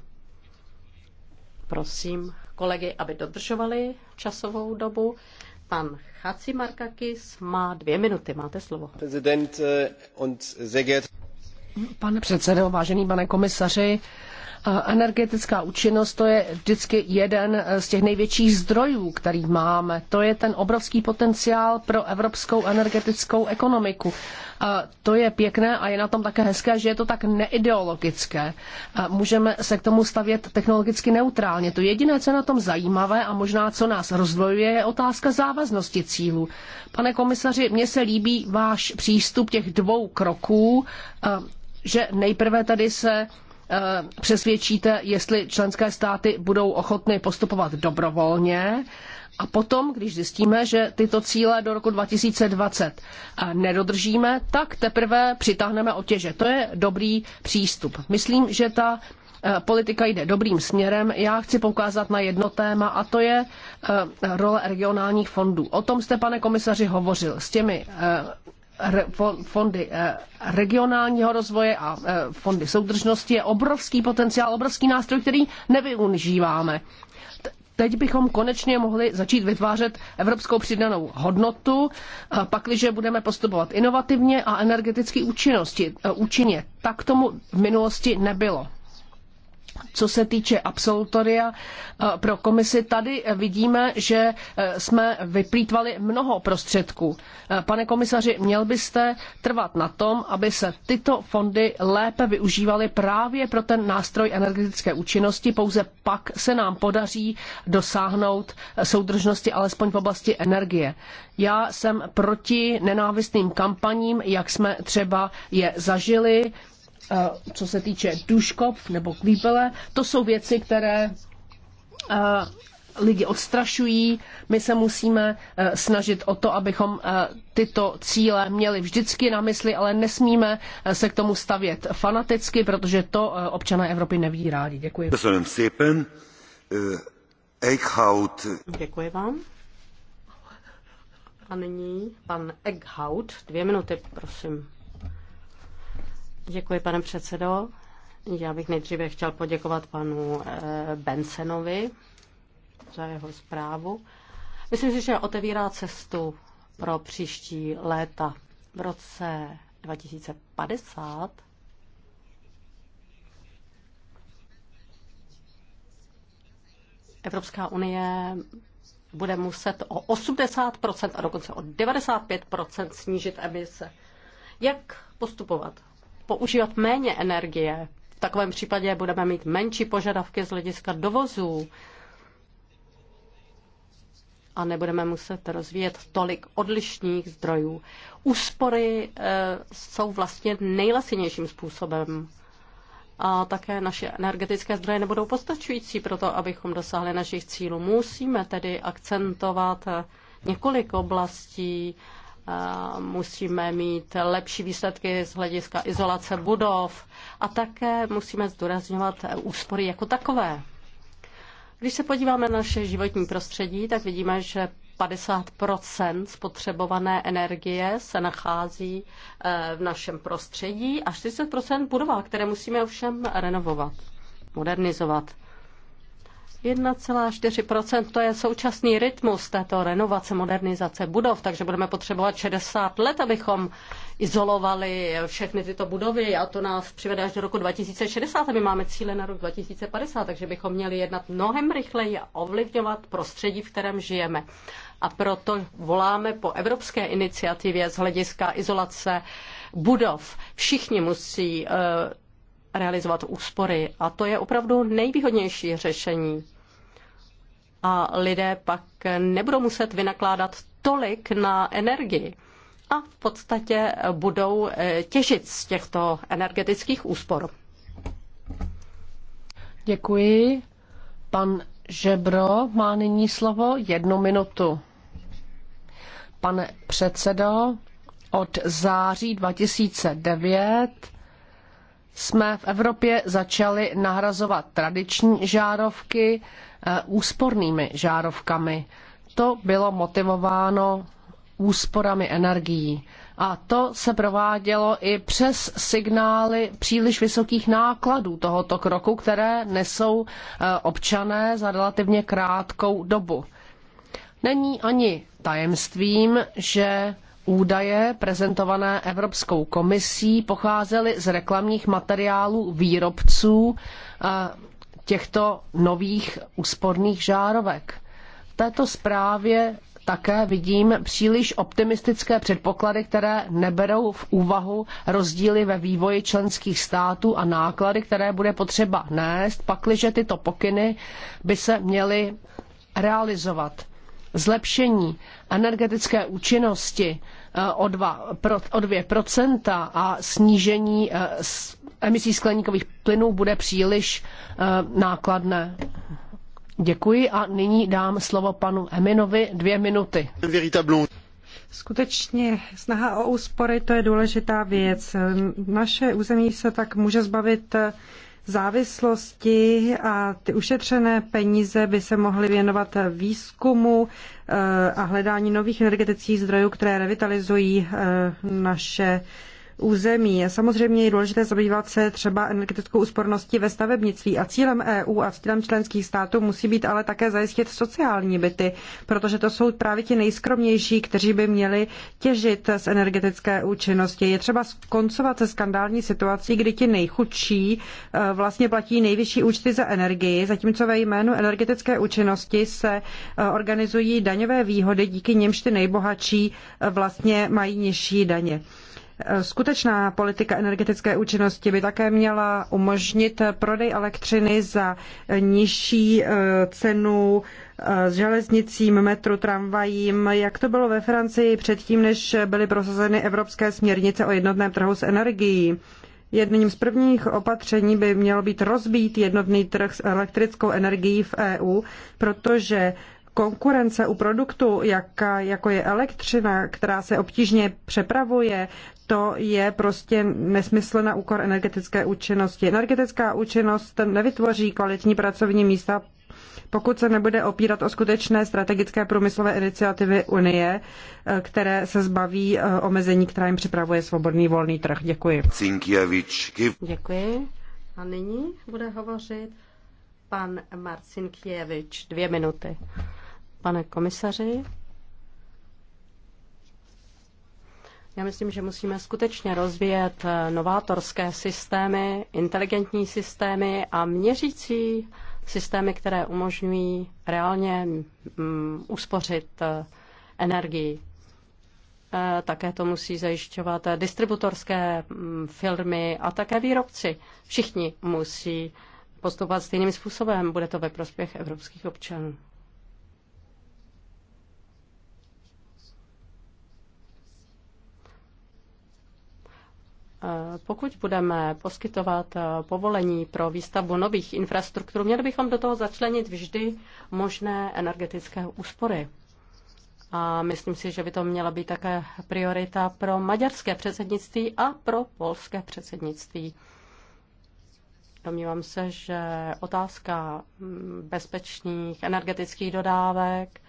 Prosím kolegy, aby dodržovali časovou dobu. Pan Chaci Markakis má dvě minuty. Máte slovo. Eh, pane předsedo, vážený pane komisaři, energetická účinnost to je vždycky jeden eh, z těch největších zdrojů, který máme. To je ten obrovský potenciál pro evropskou energetickou ekonomiku. A to je pěkné a je na tom také hezké, že je to tak neideologické. A můžeme se k tomu stavět technologicky neutrálně. To jediné, co je na tom zajímavé a možná co nás rozdvojuje, je otázka závaznosti cílů. Pane komisaři, mně se líbí váš přístup těch dvou kroků, eh, že nejprve tady se Eh, přesvědčíte, jestli členské státy budou ochotny postupovat dobrovolně. A potom, když zjistíme, že tyto cíle do roku 2020 eh, nedodržíme, tak teprve přitáhneme otěže. To je dobrý přístup. Myslím, že ta eh, politika jde dobrým směrem. Já chci poukázat na jedno téma a to je role regionálních fondů. O tom jste, pane komisaři, hovořil. S těmi fondy eh, regionálního rozvoje a eh, fondy soudržnosti je obrovský potenciál, obrovský nástroj, který nevyužíváme. Teď bychom konečně mohli začít vytvářet evropskou přidanou hodnotu, pakliže budeme postupovat inovativně a energeticky účinnosti, eh, účinně. Tak tomu v minulosti nebylo co se týče absolutoria eh, pro komisi, tady vidíme, že eh, jsme vyplýtvali mnoho prostředků. Eh, pane komisaři, měl byste trvat na tom, aby se tyto fondy lépe využívaly právě pro ten nástroj energetické účinnosti. Pouze pak se nám podaří dosáhnout soudržnosti alespoň v oblasti energie. Já jsem proti nenávistným kampaním, jak jsme třeba je zažili Eh, co se týče duškov nebo kvípele, to jsou věci, které eh, lidi odstrašují. My se musíme eh, snažit o to, abychom tyto cíle měli vždycky na mysli, ale nesmíme se k tomu stavět fanaticky, protože to občané Evropy neví rádi. Děkuji. Děkuji vám. A nyní pan Eckhout. Dvě minuty, prosím. Děkuji, pane předsedo. Já bych nejdříve chtěl poděkovat panu eh, Bensenovi za jeho zprávu. Myslím si, že otevírá cestu pro příští léta. V roce 2050 Evropská unie bude muset o 80% a dokonce o 95% snížit emise. Jak postupovat? používat méně energie. V takovém případě budeme mít menší požadavky z hlediska dovozů a nebudeme muset rozvíjet tolik odlišných zdrojů. Úspory e, jsou vlastně nejlasinějším způsobem a také naše energetické zdroje nebudou postačující pro to, abychom dosáhli našich cílů. Musíme tedy akcentovat eh, několik oblastí, musíme mít lepší výsledky z hlediska izolace budov a také musíme zdůrazňovat úspory jako takové. Když se podíváme na naše životní prostředí, tak vidíme, že 50 spotřebované energie se nachází eh, v našem prostředí a 40 budova, které musíme ovšem renovovat, modernizovat. 1,4 to je současný rytmus této renovace, modernizace budov, takže budeme potřebovat 60 let, abychom izolovali všechny tyto budovy a to nás přivede až do roku 2060 a my máme cíle na rok 2050, takže bychom měli jednat mnohem rychleji a ovlivňovat prostředí, v kterém žijeme. A proto voláme po evropské iniciativě z hlediska izolace budov. Všichni musí eh, realizovat úspory. A to je opravdu nejvýhodnější řešení. A lidé pak nebudou muset vynakládat tolik na energii a v podstatě budou eh, těžit z těchto energetických úspor. Děkuji. Pan Žebro má nyní slovo jednu minutu. Pane předsedo, od září 2009 jsme v Evropě začali nahrazovat tradiční žárovky eh, úspornými žárovkami. To bylo motivováno úsporami energií. A to se provádělo i přes signály příliš vysokých nákladů tohoto kroku, které nesou eh, občané za relativně krátkou dobu. Není ani tajemstvím, že údaje prezentované Evropskou komisí pocházely z reklamních materiálů výrobců eh, těchto nových úsporných žárovek. V této zprávě také vidím příliš optimistické předpoklady, které neberou v úvahu rozdíly ve vývoji členských států a náklady, které bude potřeba nést, pakliže tyto pokyny by se měly realizovat zlepšení energetické účinnosti eh, o, 2, o 2% a snížení eh, emisí skleníkových plynů bude příliš eh, nákladné. Děkuji a nyní dám slovo panu Eminovi dvě minuty. Skutečně snaha o úspory, to je důležitá věc. Naše území se tak může zbavit závislosti a ty ušetřené peníze by se mohly věnovat výzkumu eh, a hledání nových energetických zdrojů, které revitalizují eh, naše území. Samozřejmě je důležité zabývat se třeba energetickou úsporností ve stavebnictví a cílem EU a cílem členských států musí být ale také zajistit sociální byty, protože to jsou právě ti nejskromnější, kteří by měli těžit z energetické účinnosti. Je třeba skoncovat se skandální situací, kdy ti nejchudší eh, vlastně platí nejvyšší účty za energii, zatímco ve jménu energetické účinnosti se eh, organizují daňové výhody, díky nimž ty nejbohatší eh, vlastně mají nižší daně. Skutečná politika energetické účinnosti by také měla umožnit prodej elektřiny za nižší eh, cenu eh, s železnicím, metru, tramvajím, jak to bylo ve Francii předtím, než byly prosazeny evropské směrnice o jednotném trhu s energií. Jedním z prvních opatření by mělo být rozbít jednotný trh s elektrickou energií v EU, protože konkurence u produktu, jaká jako je elektřina, která se obtížně přepravuje, to je prostě nesmysl na úkor energetické účinnosti. Energetická účinnost nevytvoří kvalitní pracovní místa, pokud se nebude opírat o skutečné strategické průmyslové iniciativy Unie, eh, které se zbaví eh, omezení, která jim připravuje svobodný volný trh. Děkuji. Děkuji. A nyní bude hovořit pan Marcin Kjevič. Dvě minuty. Pane komisaři, Já myslím, že musíme skutečně rozvíjet eh, novátorské systémy, inteligentní systémy a měřící systémy, které umožňují reálně mm, uspořit eh, energii. Eh, také to musí zajišťovat distributorské mm, firmy a také výrobci. Všichni musí postupovat stejným způsobem. Bude to ve prospěch evropských občanů. Eh, pokud budeme poskytovat eh, povolení pro výstavbu nových infrastruktur, měli bychom do toho začlenit vždy možné energetické úspory. A myslím si, že by to měla být také priorita pro maďarské předsednictví a pro polské předsednictví. Domnívám se, že otázka mm, bezpečných energetických dodávek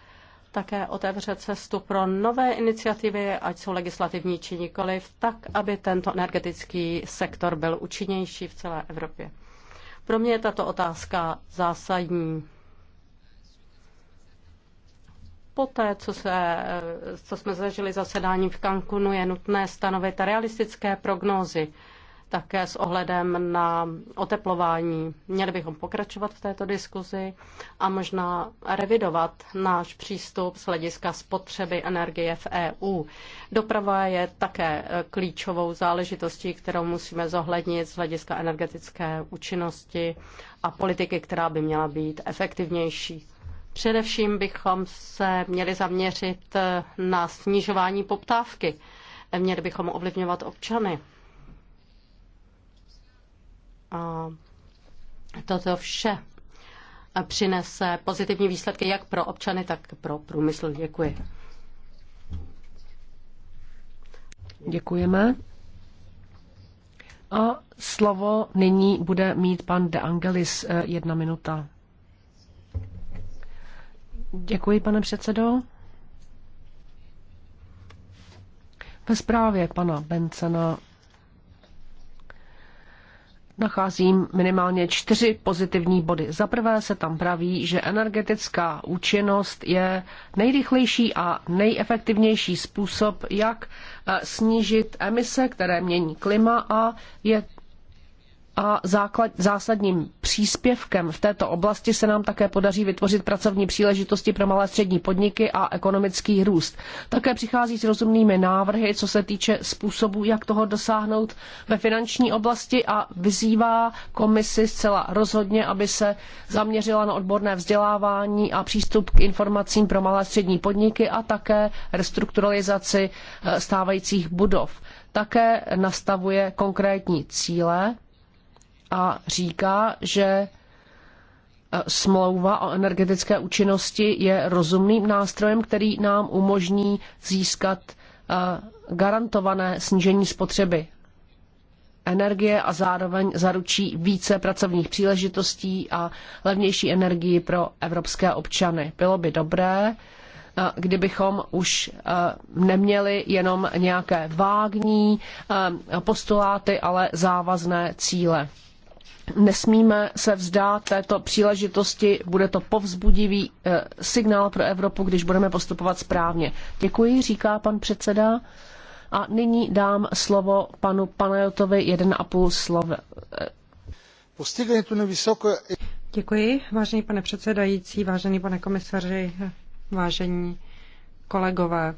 také otevře cestu pro nové iniciativy, ať jsou legislativní či nikoliv, tak, aby tento energetický sektor byl účinnější v celé Evropě. Pro mě je tato otázka zásadní. Poté, co, se, co jsme zažili zasedáním v Cancunu, je nutné stanovit realistické prognózy také s ohledem na oteplování. Měli bychom pokračovat v této diskuzi a možná revidovat náš přístup z hlediska spotřeby energie v EU. Doprava je také eh, klíčovou záležitostí, kterou musíme zohlednit z hlediska energetické účinnosti a politiky, která by měla být efektivnější. Především bychom se měli zaměřit eh, na snižování poptávky. Měli bychom ovlivňovat občany a toto vše přinese pozitivní výsledky jak pro občany, tak pro průmysl. Děkuji. Děkujeme. A slovo nyní bude mít pan De Angelis eh, jedna minuta. Děkuji, pane předsedo. Ve zprávě pana Bencena nacházím minimálně čtyři pozitivní body. Za prvé se tam praví, že energetická účinnost je nejrychlejší a nejefektivnější způsob, jak eh, snížit emise, které mění klima a je a základ, zásadním příspěvkem v této oblasti se nám také podaří vytvořit pracovní příležitosti pro malé střední podniky a ekonomický růst. Také přichází s rozumnými návrhy, co se týče způsobu, jak toho dosáhnout ve finanční oblasti a vyzývá komisi zcela rozhodně, aby se zaměřila na odborné vzdělávání a přístup k informacím pro malé střední podniky a také restrukturalizaci eh, stávajících budov. Také nastavuje konkrétní cíle a říká, že e, smlouva o energetické účinnosti je rozumným nástrojem, který nám umožní získat e, garantované snížení spotřeby energie a zároveň zaručí více pracovních příležitostí a levnější energii pro evropské občany. Bylo by dobré, e, kdybychom už neměli jenom nějaké vágní postuláty, ale závazné cíle. Nesmíme se vzdát této příležitosti, bude to povzbudivý eh, signál pro Evropu, když budeme postupovat správně. Děkuji, říká pan předseda. A nyní dám slovo panu Panajotovi půl slova. Eh. Děkuji, vážený pane předsedající, vážený pane komisaři, vážení kolegové.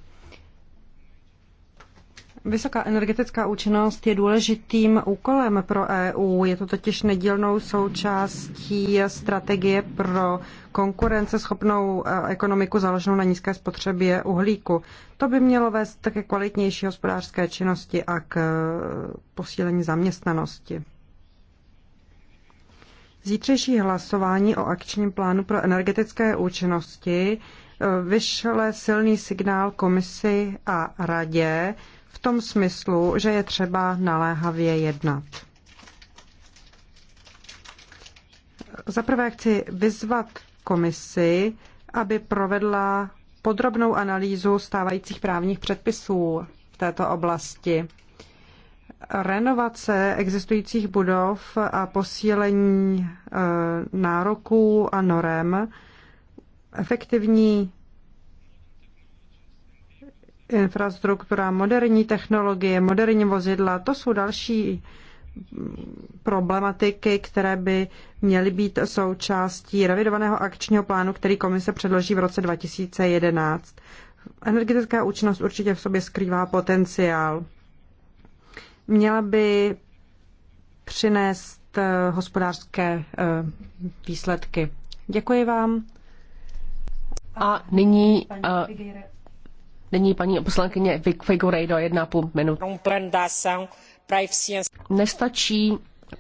Vysoká energetická účinnost je důležitým úkolem pro EU. Je to totiž nedílnou součástí strategie pro konkurenceschopnou e, ekonomiku založenou na nízké spotřebě uhlíku. To by mělo vést také kvalitnější hospodářské činnosti a k e, posílení zaměstnanosti. Zítřejší hlasování o akčním plánu pro energetické účinnosti e, vyšle silný signál komisi a radě, tom smyslu, že je třeba naléhavě jednat. Za prvé chci vyzvat komisi, aby provedla podrobnou analýzu stávajících právních předpisů v této oblasti. Renovace existujících budov a posílení e, nároků a norem, efektivní infrastruktura, moderní technologie, moderní vozidla, to jsou další problematiky, které by měly být součástí revidovaného akčního plánu, který komise předloží v roce 2011. Energetická účinnost určitě v sobě skrývá potenciál. Měla by přinést eh, hospodářské eh, výsledky. Děkuji vám. A nyní eh, Nyní paní poslankyně Figurejdo, jedna půl minut. Nestačí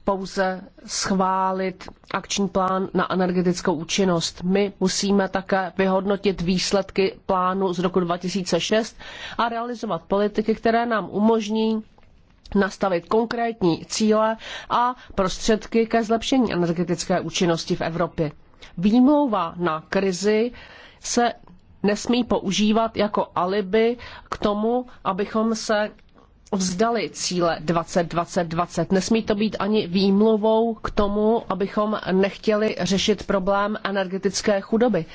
pouze schválit akční plán na energetickou účinnost. My musíme také vyhodnotit výsledky plánu z roku 2006 a realizovat politiky, které nám umožní nastavit konkrétní cíle a prostředky ke zlepšení energetické účinnosti v Evropě. Výmlouva na krizi se nesmí používat jako alibi k tomu, abychom se vzdali cíle 2020 20. Nesmí to být ani výmluvou k tomu, abychom nechtěli řešit problém energetické chudoby.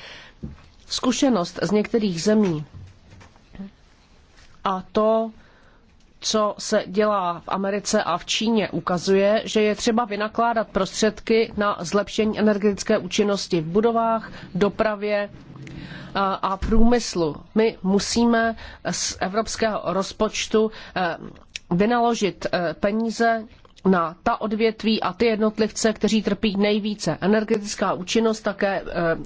Zkušenost z některých zemí a to, co se dělá v Americe a v Číně, ukazuje, že je třeba vynakládat prostředky na zlepšení energetické účinnosti v budovách, dopravě, a průmyslu. My musíme z evropského rozpočtu eh, vynaložit eh, peníze na ta odvětví a ty jednotlivce, kteří trpí nejvíce. Energetická účinnost také eh,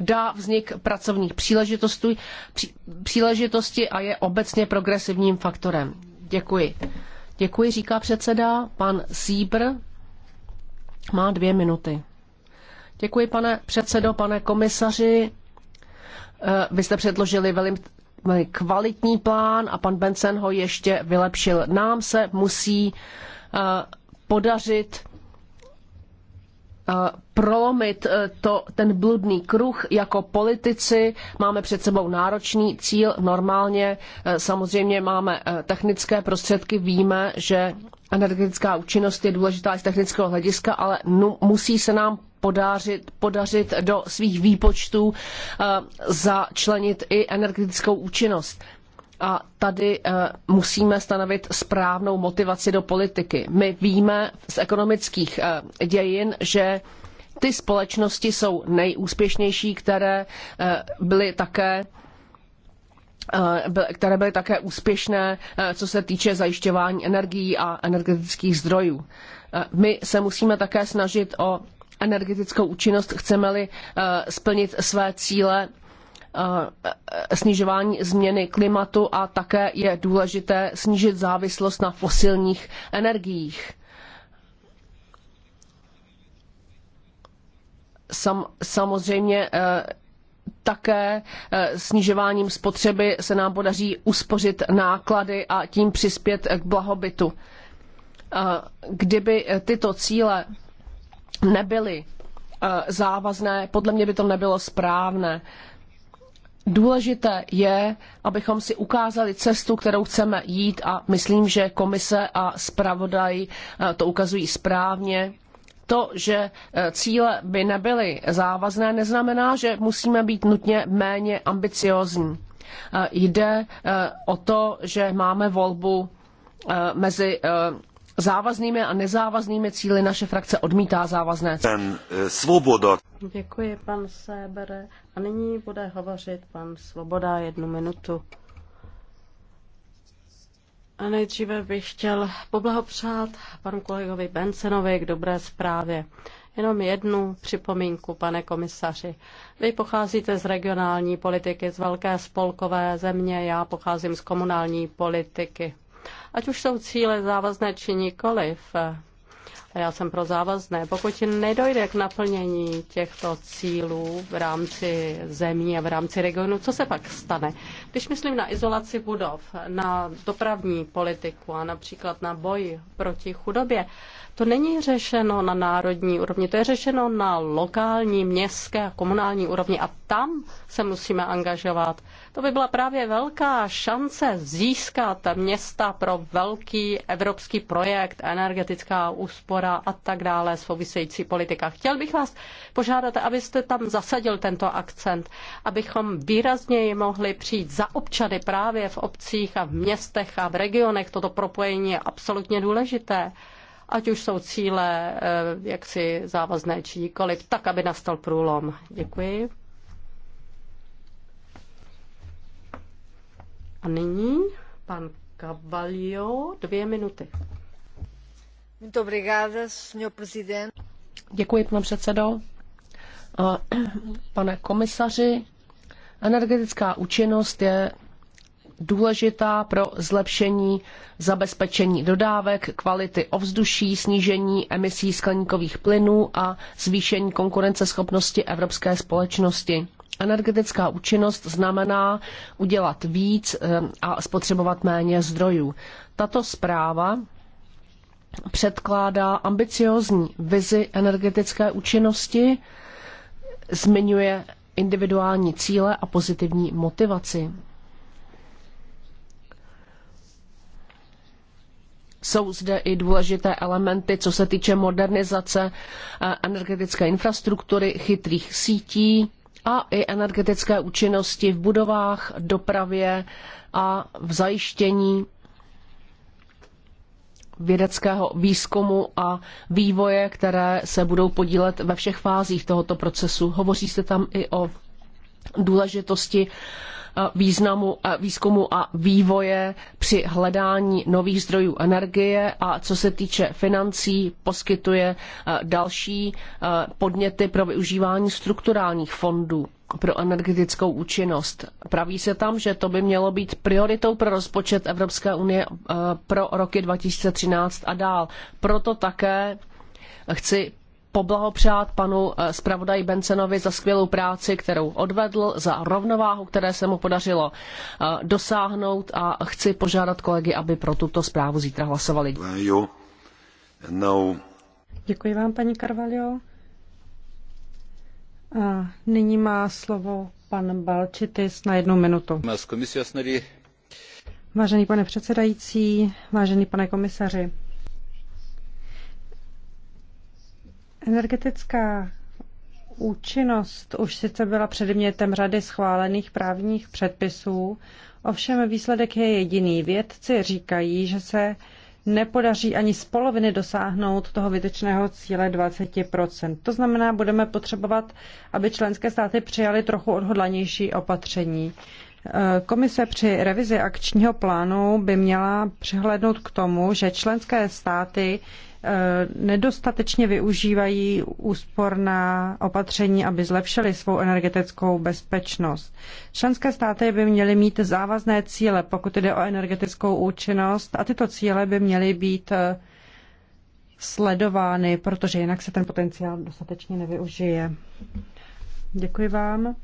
dá vznik pracovních příležitostí, příležitosti a je obecně progresivním faktorem. Děkuji. Děkuji, říká předseda. Pan Sýbr má dvě minuty. Děkuji, pane předsedo, pane komisaři. Eh, vy jste předložili velmi kvalitní plán a pan Benson ho ještě vylepšil. Nám se musí eh, podařit eh, prolomit to, ten bludný kruh jako politici. Máme před sebou náročný cíl. Normálně samozřejmě máme technické prostředky, víme, že energetická účinnost je důležitá i z technického hlediska, ale nu, musí se nám podařit, podařit do svých výpočtů uh, začlenit i energetickou účinnost. A tady uh, musíme stanovit správnou motivaci do politiky. My víme z ekonomických uh, dějin, že ty společnosti jsou nejúspěšnější, které byly také Eh, které byly také úspěšné, eh, co se týče zajišťování energií a energetických zdrojů. Eh, my se musíme také snažit o energetickou účinnost, chceme-li splnit své cíle snižování změny klimatu a také je důležité snížit závislost na fosilních energiích. Sam, samozřejmě také eh, snižováním spotřeby se nám podaří uspořit náklady a tím přispět k blahobytu. Eh, kdyby tyto cíle nebyly eh, závazné, podle mě by to nebylo správné. Důležité je, abychom si ukázali cestu, kterou chceme jít a myslím, že komise a zpravodaj to ukazují správně to, že e, cíle by nebyly závazné, neznamená, že musíme být nutně méně ambiciozní. E, jde e, o to, že máme volbu mezi závaznými a nezávaznými cíly. Naše frakce odmítá závazné. Ten svoboda. Děkuji, pan Sébere. A nyní bude hovořit pan Svoboda jednu minutu. A nejdříve bych chtěl poblahopřát panu kolegovi Bensenovi k dobré zprávě. Jenom jednu připomínku, pane komisaři. Vy pocházíte z regionální politiky, z velké spolkové země, já pocházím z komunální politiky. Ať už jsou cíle závazné či nikoliv, já jsem pro závazné. Pokud nedojde k naplnění těchto cílů v rámci zemí a v rámci regionu, co se pak stane? Když myslím na izolaci budov, na dopravní politiku a například na boj proti chudobě, to není řešeno na národní úrovni, to je řešeno na lokální, městské a komunální úrovni a tam se musíme angažovat. To by byla právě velká šance získat města pro velký evropský projekt, energetická úspora a tak dále, související politika. Chtěl bych vás požádat, abyste tam zasadil tento akcent, abychom výrazněji mohli přijít za občany právě v obcích a v městech a v regionech. Toto propojení je absolutně důležité ať už jsou cíle eh, jaksi závazné či nikoliv, tak, aby nastal průlom. Děkuji. A nyní pan Cavalio, dvě minuty. Děkuji, pane předsedo. Eh, pane komisaři, energetická účinnost je důležitá pro zlepšení zabezpečení dodávek, kvality ovzduší, snížení emisí skleníkových plynů a zvýšení konkurenceschopnosti evropské společnosti. Energetická účinnost znamená udělat víc eh, a spotřebovat méně zdrojů. Tato zpráva předkládá ambiciózní vizi energetické účinnosti, zmiňuje individuální cíle a pozitivní motivaci. jsou zde i důležité elementy, co se týče modernizace eh, energetické infrastruktury, chytrých sítí a i energetické účinnosti v budovách, dopravě a v zajištění vědeckého výzkumu a vývoje, které se budou podílet ve všech fázích tohoto procesu. Hovoří se tam i o důležitosti uh, Eh, významu výzkumu a vývoje při hledání nových zdrojů energie a co se týče financí, poskytuje eh, další eh, podněty pro využívání strukturálních fondů pro energetickou účinnost. Praví se tam, že to by mělo být prioritou pro rozpočet Evropské unie pro roky 2013 a dál. Proto také chci poblahopřát panu eh, zpravodaji Bensonovi za skvělou práci, kterou odvedl, za rovnováhu, které se mu podařilo eh, dosáhnout a chci požádat kolegy, aby pro tuto zprávu zítra hlasovali. No. Děkuji vám, paní Carvalho. A nyní má slovo pan Balčitis na jednu minutu. Vážený pane předsedající, vážený pane komisaři, Energetická účinnost už sice byla předmětem řady schválených právních předpisů, ovšem výsledek je jediný. Vědci říkají, že se nepodaří ani z poloviny dosáhnout toho vytečného cíle 20%. To znamená, budeme potřebovat, aby členské státy přijaly trochu odhodlanější opatření. Komise při revizi akčního plánu by měla přihlednout k tomu, že členské státy Eh, nedostatečně využívají úsporná opatření, aby zlepšili svou energetickou bezpečnost. Členské státy by měly mít závazné cíle, pokud jde o energetickou účinnost, a tyto cíle by měly být eh, sledovány, protože jinak se ten potenciál dostatečně nevyužije. Děkuji vám.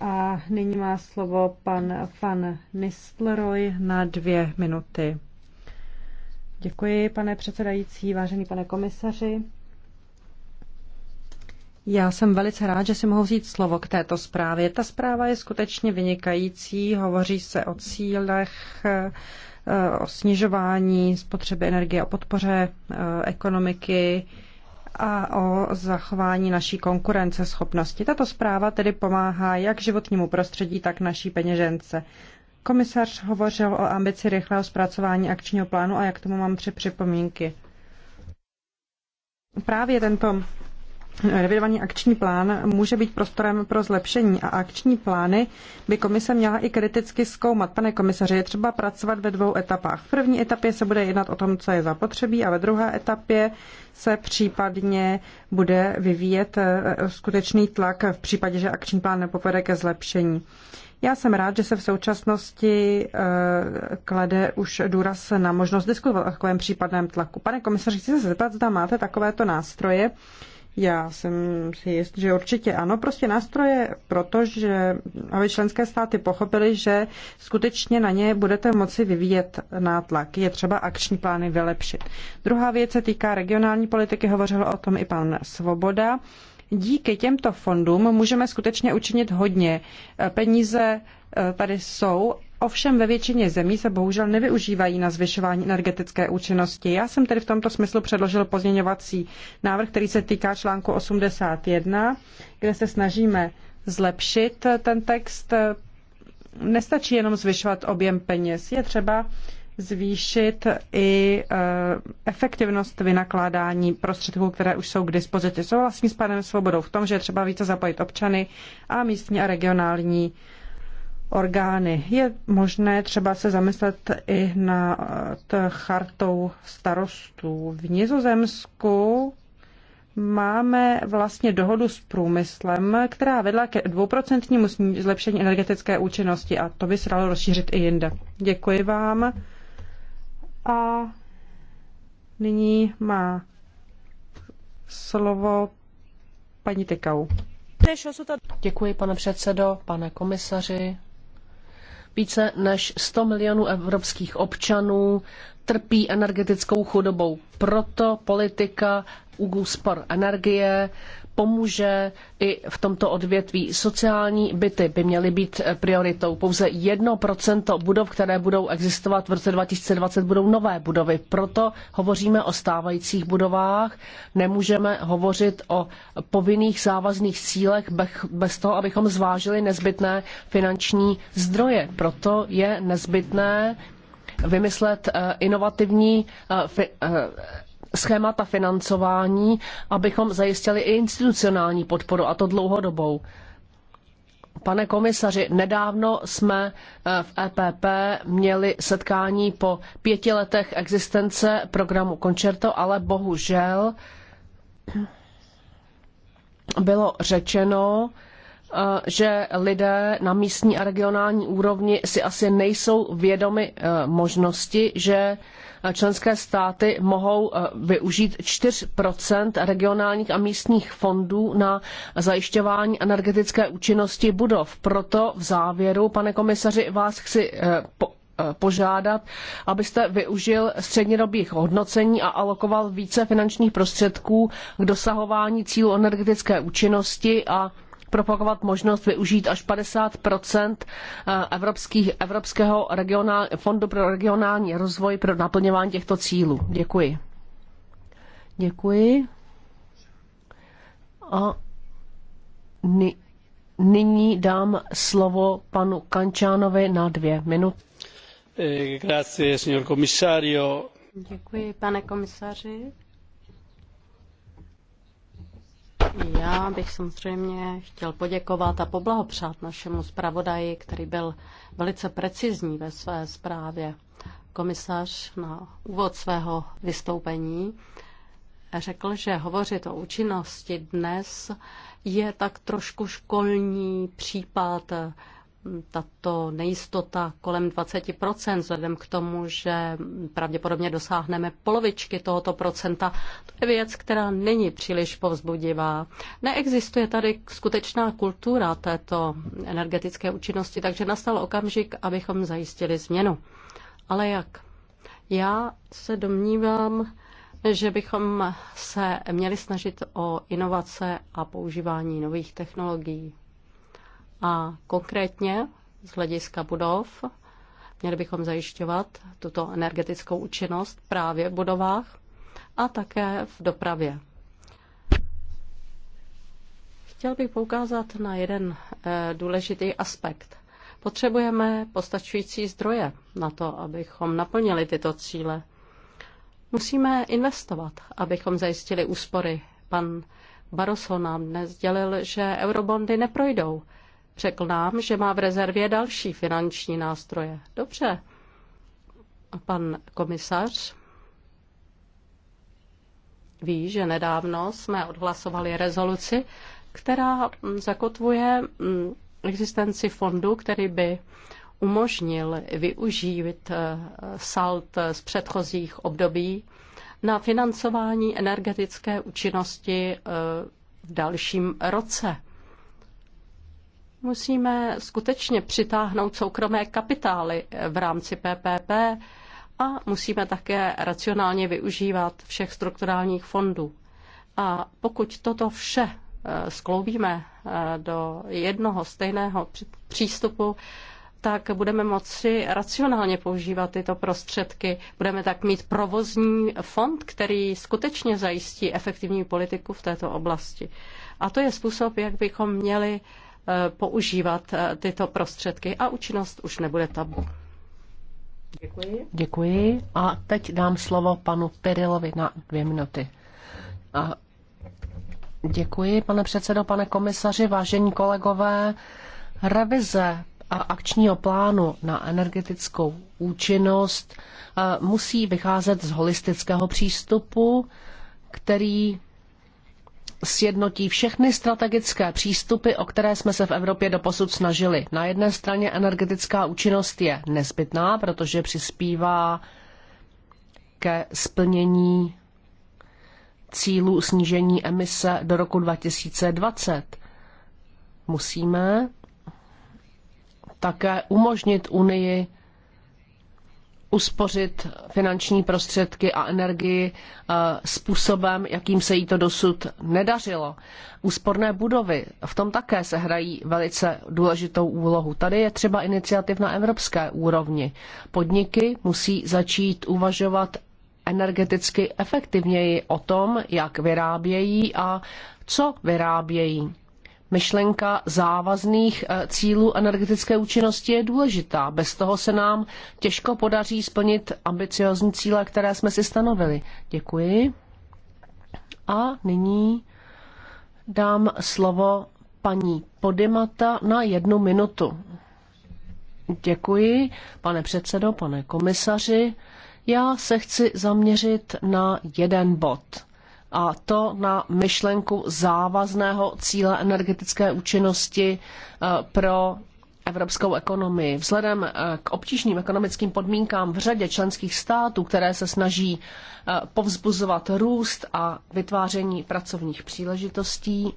A nyní má slovo pan pan Nistleroy na dvě minuty. Děkuji, pane předsedající, vážený pane komisaři. Já jsem velice rád, že si mohu vzít slovo k této zprávě. Ta zpráva je skutečně vynikající, hovoří se o cílech, eh, o snižování spotřeby energie, o podpoře eh, ekonomiky a o zachování naší konkurenceschopnosti. Tato zpráva tedy pomáhá jak životnímu prostředí, tak naší peněžence. Komisař hovořil o ambici rychlého zpracování akčního plánu a jak tomu mám tři připomínky. Právě tento revidovaný akční plán může být prostorem pro zlepšení a akční plány by komise měla i kriticky zkoumat. Pane komisaři, je třeba pracovat ve dvou etapách. V první etapě se bude jednat o tom, co je zapotřebí a ve druhé etapě se případně bude vyvíjet eh, skutečný tlak v případě, že akční plán nepovede ke zlepšení. Já jsem rád, že se v současnosti eh, klade už důraz na možnost diskutovat o takovém případném tlaku. Pane komisaři, chci se zeptat, zda máte takovéto nástroje. Já jsem si jist, že určitě ano. Prostě nástroje, protože aby členské státy pochopili, že skutečně na ně budete moci vyvíjet nátlak. Je třeba akční plány vylepšit. Druhá věc se týká regionální politiky, hovořil o tom i pan Svoboda díky těmto fondům můžeme skutečně učinit hodně. Peníze eh, tady jsou, Ovšem ve většině zemí se bohužel nevyužívají na zvyšování energetické účinnosti. Já jsem tedy v tomto smyslu předložil pozměňovací návrh, který se týká článku 81, kde se snažíme zlepšit ten text. Nestačí jenom zvyšovat objem peněz, je třeba zvýšit i e, efektivnost vynakládání prostředků, které už jsou k dispozici. vlastně s panem Svobodou v tom, že je třeba více zapojit občany a místní a regionální orgány. Je možné třeba se zamyslet i nad e, chartou starostů. V Nizozemsku máme vlastně dohodu s průmyslem, která vedla ke dvouprocentnímu zlepšení energetické účinnosti a to by se dalo rozšířit i jinde. Děkuji vám. A nyní má slovo paní Tekau. Děkuji, pane předsedo, pane komisaři. Více než 100 milionů evropských občanů trpí energetickou chudobou. Proto politika úspor energie pomůže i v tomto odvětví. Sociální byty by měly být prioritou. Pouze 1% budov, které budou existovat v roce 2020, budou nové budovy. Proto hovoříme o stávajících budovách. Nemůžeme hovořit o povinných závazných cílech bez toho, abychom zvážili nezbytné finanční zdroje. Proto je nezbytné vymyslet eh, inovativní eh, eh, schémata financování, abychom zajistili i institucionální podporu, a to dlouhodobou. Pane komisaři, nedávno jsme eh, v EPP měli setkání po pěti letech existence programu Concerto, ale bohužel bylo řečeno, eh, že lidé na místní a regionální úrovni si asi nejsou vědomi eh, možnosti, že členské státy mohou eh, využít 4 regionálních a místních fondů na zajišťování energetické účinnosti budov. Proto v závěru, pane komisaři, vás chci eh, eh, požádat, abyste využil střednědobých hodnocení a alokoval více finančních prostředků k dosahování cílů energetické účinnosti a propagovat možnost využít až 50 eh, evropských, Evropského regionál, fondu pro regionální rozvoj pro naplňování těchto cílů. Děkuji. Děkuji. A nyní dám slovo panu Kančánovi na dvě minuty. Eh, Děkuji, pane komisaři. Já bych samozřejmě chtěl poděkovat a poblahopřát našemu zpravodaji, který byl velice precizní ve své zprávě. Komisař na úvod svého vystoupení řekl, že hovořit o účinnosti dnes je tak trošku školní případ tato nejistota kolem 20%, vzhledem k tomu, že pravděpodobně dosáhneme polovičky tohoto procenta, to je věc, která není příliš povzbudivá. Neexistuje tady skutečná kultura této energetické účinnosti, takže nastal okamžik, abychom zajistili změnu. Ale jak? Já se domnívám, že bychom se měli snažit o inovace a používání nových technologií. A konkrétně z hlediska budov měli bychom zajišťovat tuto energetickou účinnost právě v budovách a také v dopravě. Chtěl bych poukázat na jeden eh, důležitý aspekt. Potřebujeme postačující zdroje na to, abychom naplnili tyto cíle. Musíme investovat, abychom zajistili úspory. Pan Barroso nám dnes dělil, že eurobondy neprojdou. Řekl nám, že má v rezervě další finanční nástroje. Dobře. A pan komisař ví, že nedávno jsme odhlasovali rezoluci, která zakotvuje mm, existenci fondu, který by umožnil využít eh, salt z předchozích období na financování energetické účinnosti eh, v dalším roce musíme skutečně přitáhnout soukromé kapitály v rámci PPP a musíme také racionálně využívat všech strukturálních fondů. A pokud toto vše eh, skloubíme eh, do jednoho stejného přístupu, tak budeme moci racionálně používat tyto prostředky. Budeme tak mít provozní fond, který skutečně zajistí efektivní politiku v této oblasti. A to je způsob, jak bychom měli uh, Eh, používat eh, tyto prostředky a účinnost už nebude tabu. Děkuji. Děkuji. A teď dám slovo panu Pirilovi na dvě minuty. A děkuji, pane předsedo, pane komisaři, vážení kolegové. Revize a akčního plánu na energetickou účinnost eh, musí vycházet z holistického přístupu, který sjednotí všechny strategické přístupy, o které jsme se v Evropě doposud snažili. Na jedné straně energetická účinnost je nezbytná, protože přispívá ke splnění cílů snížení emise do roku 2020. Musíme také umožnit Unii uspořit finanční prostředky a energii eh, způsobem, jakým se jí to dosud nedařilo. Úsporné budovy v tom také se hrají velice důležitou úlohu. Tady je třeba iniciativ na evropské úrovni. Podniky musí začít uvažovat energeticky efektivněji o tom, jak vyrábějí a co vyrábějí myšlenka závazných eh, cílů energetické účinnosti je důležitá. Bez toho se nám těžko podaří splnit ambiciozní cíle, které jsme si stanovili. Děkuji. A nyní dám slovo paní Podimata na jednu minutu. Děkuji, pane předsedo, pane komisaři. Já se chci zaměřit na jeden bod a to na myšlenku závazného cíle energetické účinnosti eh, pro evropskou ekonomii. Vzhledem eh, k obtížným ekonomickým podmínkám v řadě členských států, které se snaží eh, povzbuzovat růst a vytváření pracovních příležitostí,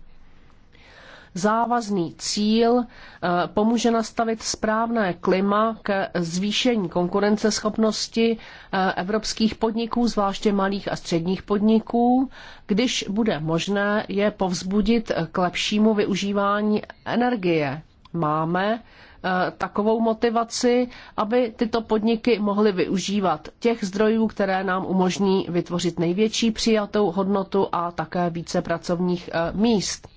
závazný cíl eh, pomůže nastavit správné klima ke zvýšení konkurenceschopnosti eh, evropských podniků, zvláště malých a středních podniků, když bude možné je povzbudit k lepšímu využívání energie. Máme eh, takovou motivaci, aby tyto podniky mohly využívat těch zdrojů, které nám umožní vytvořit největší přijatou hodnotu a také více pracovních míst.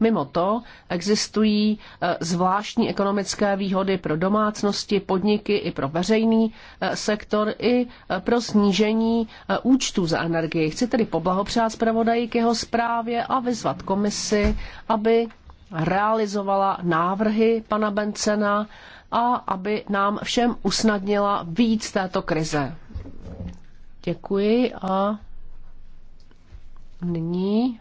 Mimo to existují eh, zvláštní ekonomické výhody pro domácnosti, podniky i pro veřejný eh, sektor i eh, pro snížení účtů za energii. Chci tedy poblahopřát zpravodaji k jeho zprávě a vyzvat komisi, aby realizovala návrhy pana Bencena a aby nám všem usnadnila víc této krize. Děkuji a nyní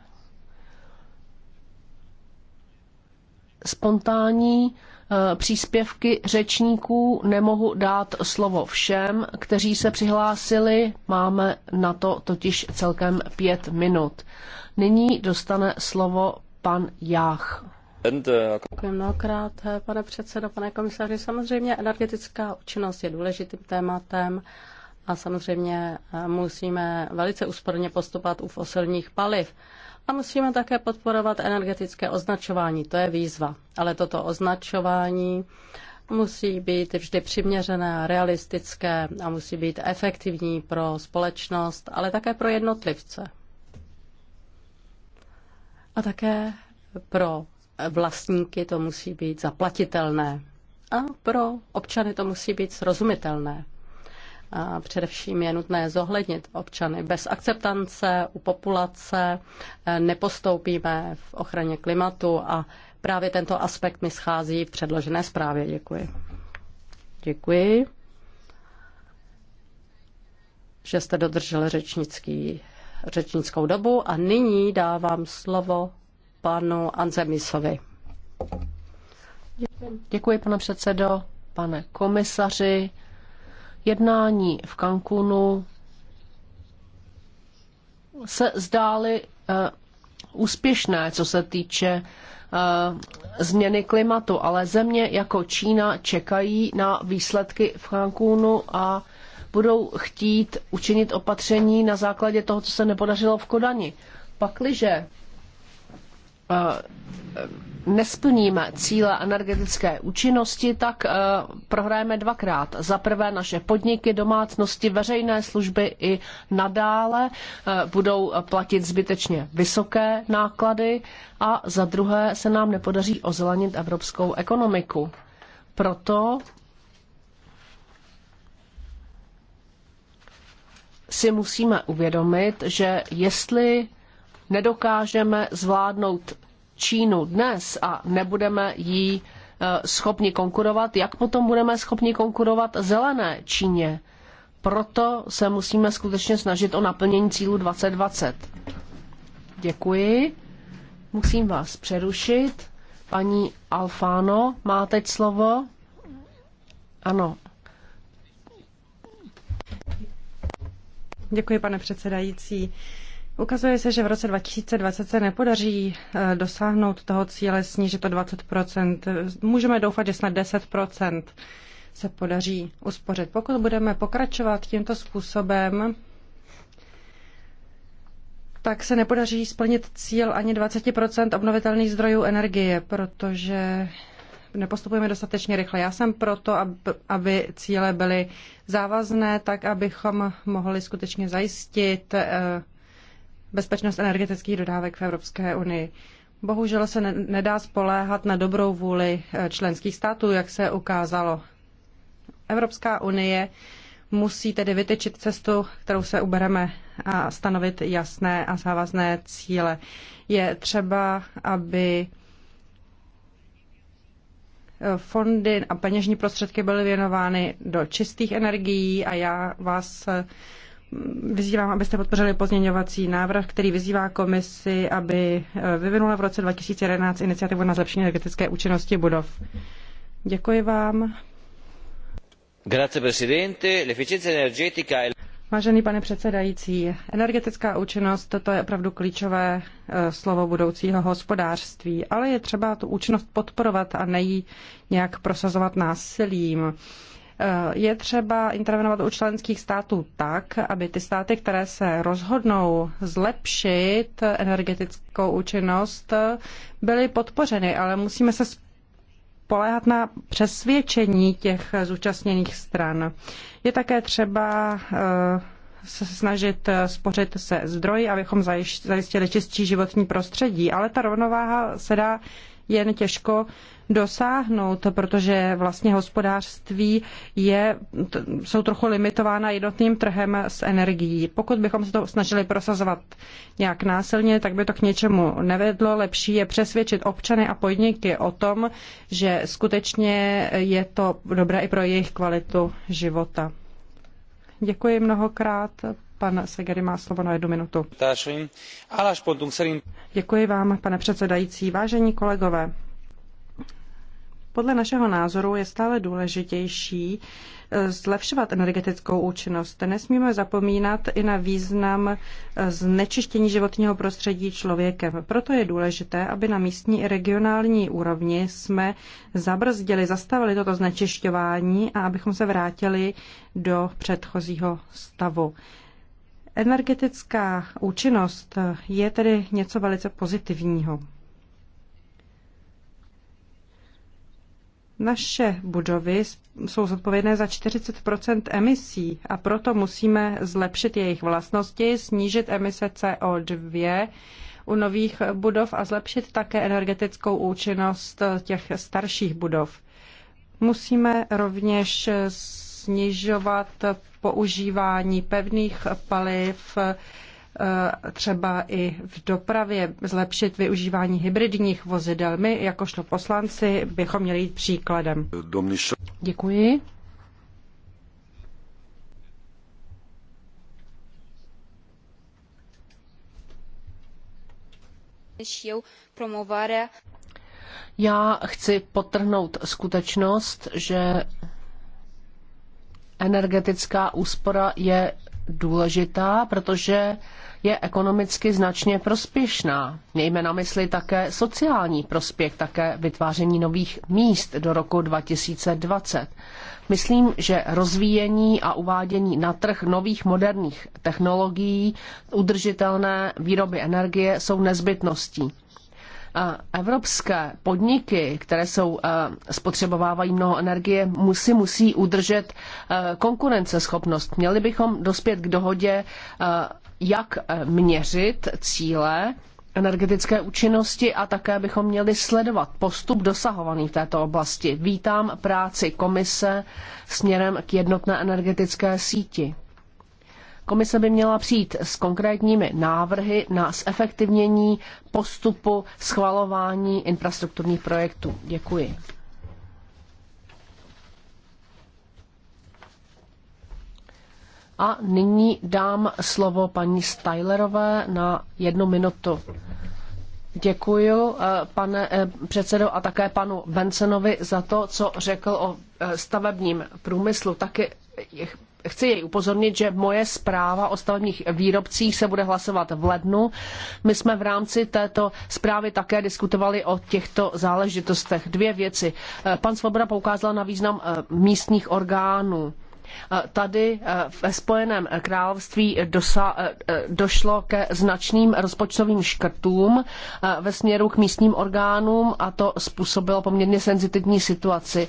spontánní eh, příspěvky řečníků. Nemohu dát slovo všem, kteří se přihlásili. Máme na to totiž celkem pět minut. Nyní dostane slovo pan Jách. Děkuji mnohokrát, eh, pane předsedo, pane komisaři. Samozřejmě energetická účinnost je důležitým tématem a samozřejmě eh, musíme velice úsporně postupovat u fosilních paliv. A musíme také podporovat energetické označování, to je výzva. Ale toto označování musí být vždy přiměřené, realistické a musí být efektivní pro společnost, ale také pro jednotlivce. A také pro vlastníky to musí být zaplatitelné a pro občany to musí být srozumitelné především je nutné zohlednit občany. Bez akceptance u populace eh, nepostoupíme v ochraně klimatu a právě tento aspekt mi schází v předložené zprávě. Děkuji. Děkuji, že jste dodržel řečnický, řečnickou dobu a nyní dávám slovo panu Anzemisovi. Děkuji, pane předsedo, pane komisaři jednání v Cancúnu se zdály eh, úspěšné, co se týče eh, změny klimatu, ale země jako Čína čekají na výsledky v Cancúnu a budou chtít učinit opatření na základě toho, co se nepodařilo v Kodani. Pakliže eh, nesplníme cíle energetické účinnosti, tak eh, prohrajeme dvakrát. Za prvé naše podniky, domácnosti, veřejné služby i nadále eh, budou platit zbytečně vysoké náklady a za druhé se nám nepodaří ozelenit evropskou ekonomiku. Proto si musíme uvědomit, že jestli nedokážeme zvládnout Čínu dnes a nebudeme jí e, schopni konkurovat, jak potom budeme schopni konkurovat zelené Číně? Proto se musíme skutečně snažit o naplnění cílu 2020. Děkuji. Musím vás přerušit. Paní Alfano má teď slovo. Ano. Děkuji, pane předsedající. Ukazuje se, že v roce 2020 se nepodaří eh, dosáhnout toho cíle snížit o 20 Můžeme doufat, že snad 10 se podaří uspořit. Pokud budeme pokračovat tímto způsobem, tak se nepodaří splnit cíl ani 20 obnovitelných zdrojů energie, protože nepostupujeme dostatečně rychle. Já jsem proto, aby cíle byly závazné, tak abychom mohli skutečně zajistit eh, bezpečnost energetických dodávek v Evropské unii. Bohužel se nedá spoléhat na dobrou vůli eh, členských států, jak se ukázalo. Evropská unie musí tedy vytyčit cestu, kterou se ubereme a stanovit jasné a závazné cíle. Je třeba, aby eh, fondy a peněžní prostředky byly věnovány do čistých energií a já vás eh, vyzývám, abyste podpořili pozměňovací návrh, který vyzývá komisi, aby eh, vyvinula v roce 2011 iniciativu na zlepšení energetické účinnosti budov. Děkuji vám. Grazie, presidente. L'efficienza energetica è... Vážený pane předsedající, energetická účinnost to je opravdu klíčové eh, slovo budoucího hospodářství, ale je třeba tu účinnost podporovat a nejí nějak prosazovat násilím. Je třeba intervenovat u členských států tak, aby ty státy, které se rozhodnou zlepšit energetickou účinnost, byly podpořeny, ale musíme se spoléhat na přesvědčení těch zúčastněných stran. Je také třeba eh, se snažit spořit se zdroji, abychom zajistili čistší životní prostředí, ale ta rovnováha se dá jen těžko dosáhnout, protože vlastně hospodářství je, jsou trochu limitována jednotným trhem s energií. Pokud bychom se to snažili prosazovat nějak násilně, tak by to k něčemu nevedlo. Lepší je přesvědčit občany a podniky o tom, že skutečně je to dobré i pro jejich kvalitu života. Děkuji mnohokrát. Pan Segery má slovo na jednu minutu. Děkuji vám, pane předsedající. Vážení kolegové, podle našeho názoru je stále důležitější eh, zlepšovat energetickou účinnost. Nesmíme zapomínat i na význam eh, znečištění životního prostředí člověkem. Proto je důležité, aby na místní i regionální úrovni jsme zabrzdili, zastavili toto znečišťování a abychom se vrátili do předchozího stavu. Energetická účinnost eh, je tedy něco velice pozitivního. Naše budovy jsou zodpovědné za 40 emisí a proto musíme zlepšit jejich vlastnosti, snížit emise CO2 u nových budov a zlepšit také energetickou účinnost těch starších budov. Musíme rovněž snižovat používání pevných paliv, Eh, třeba i v dopravě zlepšit využívání hybridních vozidel. My, jakožto poslanci, bychom měli jít příkladem. Děkuji. Já chci potrhnout skutečnost, že energetická úspora je důležitá, protože je ekonomicky značně prospěšná. Mějme na mysli také sociální prospěch, také vytváření nových míst do roku 2020. Myslím, že rozvíjení a uvádění na trh nových moderních technologií udržitelné výroby energie jsou nezbytností. Evropské podniky, které jsou, eh, spotřebovávají mnoho energie, musí, musí udržet eh, konkurenceschopnost. Měli bychom dospět k dohodě, eh, jak měřit cíle energetické účinnosti a také bychom měli sledovat postup dosahovaný v této oblasti. Vítám práci komise směrem k jednotné energetické síti. Komise by měla přijít s konkrétními návrhy na zefektivnění postupu schvalování infrastrukturních projektů. Děkuji. A nyní dám slovo paní Stylerové na jednu minutu. Děkuji, eh, pane eh, předsedo, a také panu Vencenovi za to, co řekl o eh, stavebním průmyslu. Taky chci jej upozornit, že moje zpráva o stavebních výrobcích se bude hlasovat v lednu. My jsme v rámci této zprávy také diskutovali o těchto záležitostech. Dvě věci. Eh, pan Svoboda poukázal na význam eh, místních orgánů. Eh, tady ve Spojeném království dosa, došlo ke značným rozpočtovým škrtům ve směru k místním orgánům a to způsobilo poměrně senzitivní situaci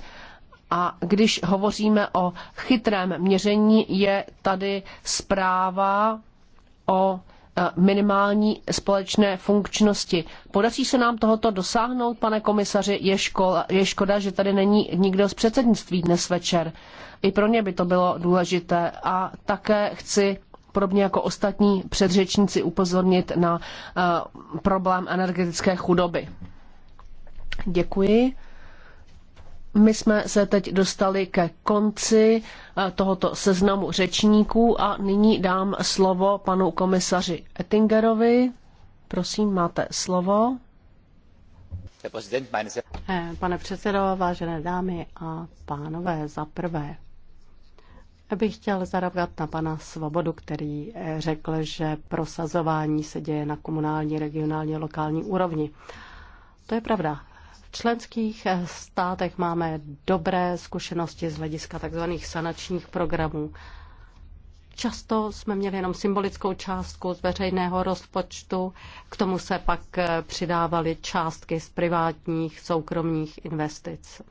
a když hovoříme o chytrém měření, je tady zpráva o e, minimální společné funkčnosti. Podaří se nám tohoto dosáhnout, pane komisaři? Je, škola, je škoda, že tady není nikdo z předsednictví dnes večer. I pro ně by to bylo důležité. A také chci podobně jako ostatní předřečníci upozornit na uh, problém energetické chudoby. Děkuji. My jsme se teď dostali ke konci eh, tohoto seznamu řečníků a nyní dám slovo panu komisaři Ettingerovi. Prosím, máte slovo. Eh, pane předsedo, vážené dámy a pánové, za prvé bych chtěl zareagovat na pana Svobodu, který eh, řekl, že prosazování se děje na komunální, regionální a lokální úrovni. To je pravda členských eh, státech máme dobré zkušenosti z hlediska tzv. sanačních programů. Často jsme měli jenom symbolickou částku z veřejného rozpočtu, k tomu se pak eh, přidávaly částky z privátních soukromých investic.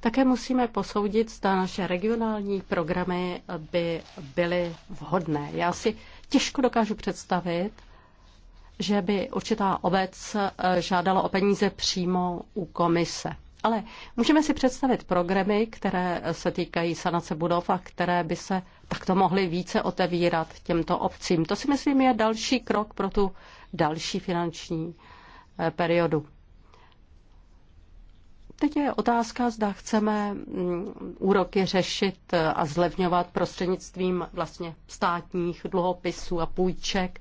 Také musíme posoudit, zda naše regionální programy by byly vhodné. Já si těžko dokážu představit, že by určitá obec eh, žádala o peníze přímo u komise. Ale můžeme si představit programy, které se týkají sanace budov a které by se takto mohly více otevírat těmto obcím. To si myslím je další krok pro tu další finanční eh, periodu. Teď je otázka, zda chceme mm, úroky řešit eh, a zlevňovat prostřednictvím vlastně státních dluhopisů a půjček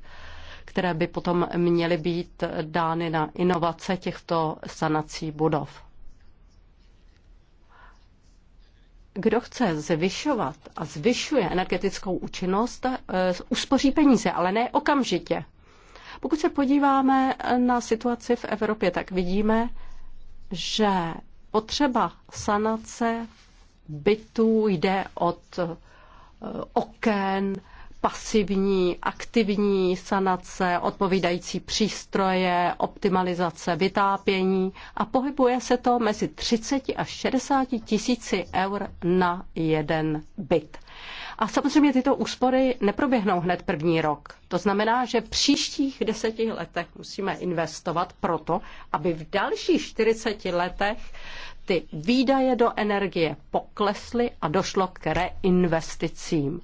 které by potom měly být dány na inovace těchto sanací budov. Kdo chce zvyšovat a zvyšuje energetickou účinnost, eh, uspoří peníze, ale ne okamžitě. Pokud se podíváme na situaci v Evropě, tak vidíme, že potřeba sanace bytů jde od eh, oken, pasivní, aktivní sanace, odpovídající přístroje, optimalizace vytápění a pohybuje se to mezi 30 až 60 tisíci eur na jeden byt. A samozřejmě tyto úspory neproběhnou hned první rok. To znamená, že v příštích deseti letech musíme investovat proto, aby v dalších 40 letech ty výdaje do energie poklesly a došlo k reinvesticím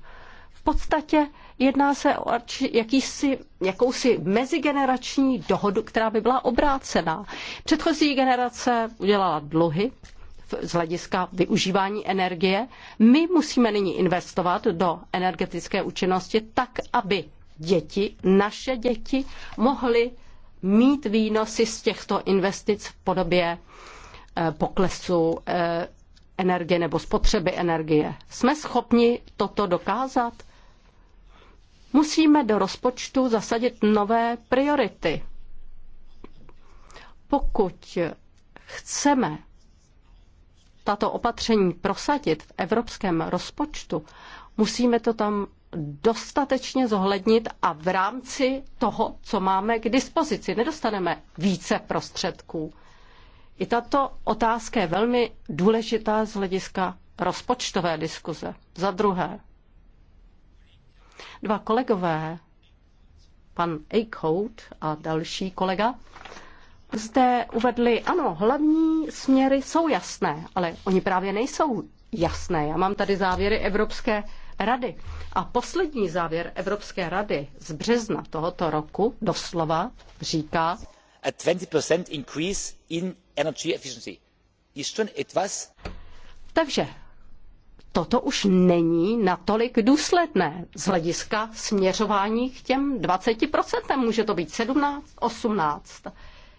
podstatě jedná se o jakýsi, jakousi mezigenerační dohodu, která by byla obrácená. Předchozí generace udělala dluhy z hlediska využívání energie. My musíme nyní investovat do energetické účinnosti tak, aby děti, naše děti, mohly mít výnosy z těchto investic v podobě eh, poklesu eh, energie nebo spotřeby energie. Jsme schopni toto dokázat? Musíme do rozpočtu zasadit nové priority. Pokud chceme tato opatření prosadit v evropském rozpočtu, musíme to tam dostatečně zohlednit a v rámci toho, co máme k dispozici, nedostaneme více prostředků. I tato otázka je velmi důležitá z hlediska rozpočtové diskuze. Za druhé, Dva kolegové, pan Eichhout a další kolega, zde uvedli, ano, hlavní směry jsou jasné, ale oni právě nejsou jasné. Já mám tady závěry Evropské rady. A poslední závěr Evropské rady z března tohoto roku doslova říká, a 20% increase in energy efficiency. Is schon etwas... Takže toto už není natolik důsledné z hlediska směřování k těm 20%. Může to být 17, 18.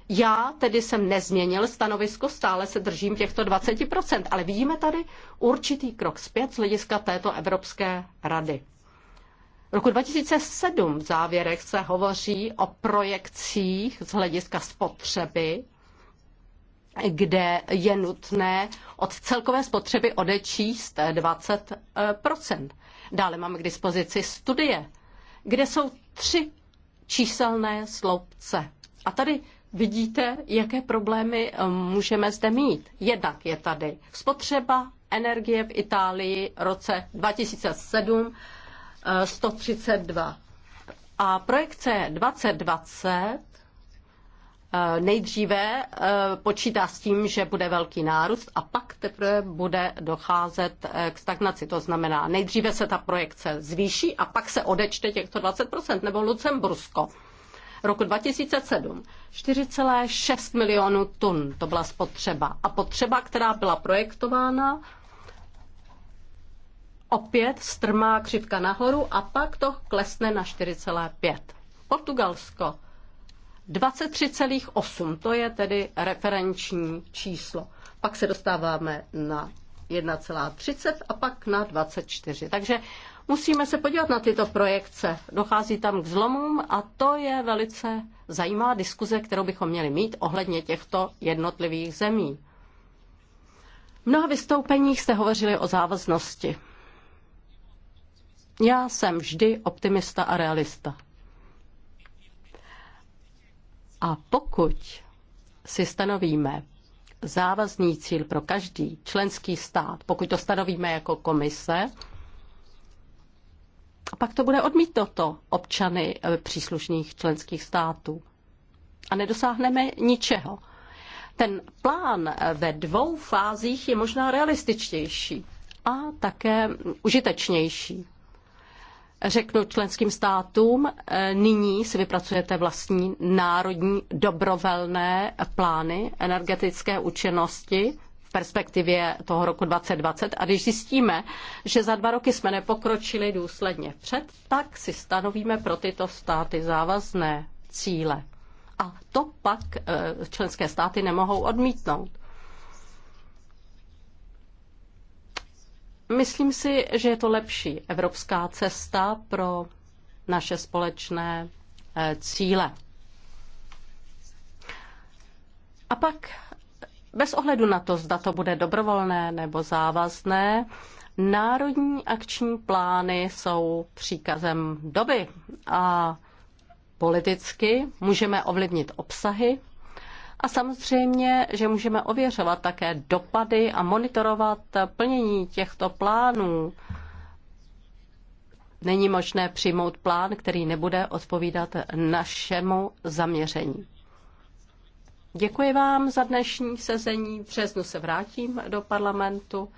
Já tedy jsem nezměnil stanovisko, stále se držím těchto 20%, ale vidíme tady určitý krok zpět z hlediska této Evropské rady. V roku 2007 v závěrech se hovoří o projekcích z hlediska spotřeby kde je nutné od celkové spotřeby odečíst 20 eh, Dále máme k dispozici studie, kde jsou tři číselné sloupce. A tady vidíte, jaké problémy eh, můžeme zde mít. Jednak je tady spotřeba energie v Itálii roce 2007 132. Eh, A projekce 2020 Eh, nejdříve eh, počítá s tím, že bude velký nárůst a pak teprve bude docházet eh, k stagnaci. To znamená, nejdříve se ta projekce zvýší a pak se odečte těchto 20%, nebo Lucembursko. Roku 2007 4,6 milionů tun to byla spotřeba. A potřeba, která byla projektována, opět strmá křivka nahoru a pak to klesne na 4,5. Portugalsko 23,8, to je tedy referenční číslo. Pak se dostáváme na 1,30 a pak na 24. Takže musíme se podívat na tyto projekce. Dochází tam k zlomům a to je velice zajímavá diskuze, kterou bychom měli mít ohledně těchto jednotlivých zemí. V mnoha vystoupeních jste hovořili o závaznosti. Já jsem vždy optimista a realista. A pokud si stanovíme závazný cíl pro každý členský stát, pokud to stanovíme jako komise, a pak to bude odmítnoto občany eh, příslušných členských států. A nedosáhneme ničeho. Ten plán eh, ve dvou fázích je možná realističtější a také mm, užitečnější řeknu členským státům, eh, nyní si vypracujete vlastní národní dobrovolné plány energetické účinnosti v perspektivě toho roku 2020 a když zjistíme, že za dva roky jsme nepokročili důsledně před, tak si stanovíme pro tyto státy závazné cíle. A to pak eh, členské státy nemohou odmítnout. Myslím si, že je to lepší evropská cesta pro naše společné eh, cíle. A pak bez ohledu na to, zda to bude dobrovolné nebo závazné, národní akční plány jsou příkazem doby a politicky můžeme ovlivnit obsahy a samozřejmě, že můžeme ověřovat také dopady a monitorovat plnění těchto plánů. Není možné přijmout plán, který nebude odpovídat našemu zaměření. Děkuji vám za dnešní sezení. V březnu se vrátím do parlamentu.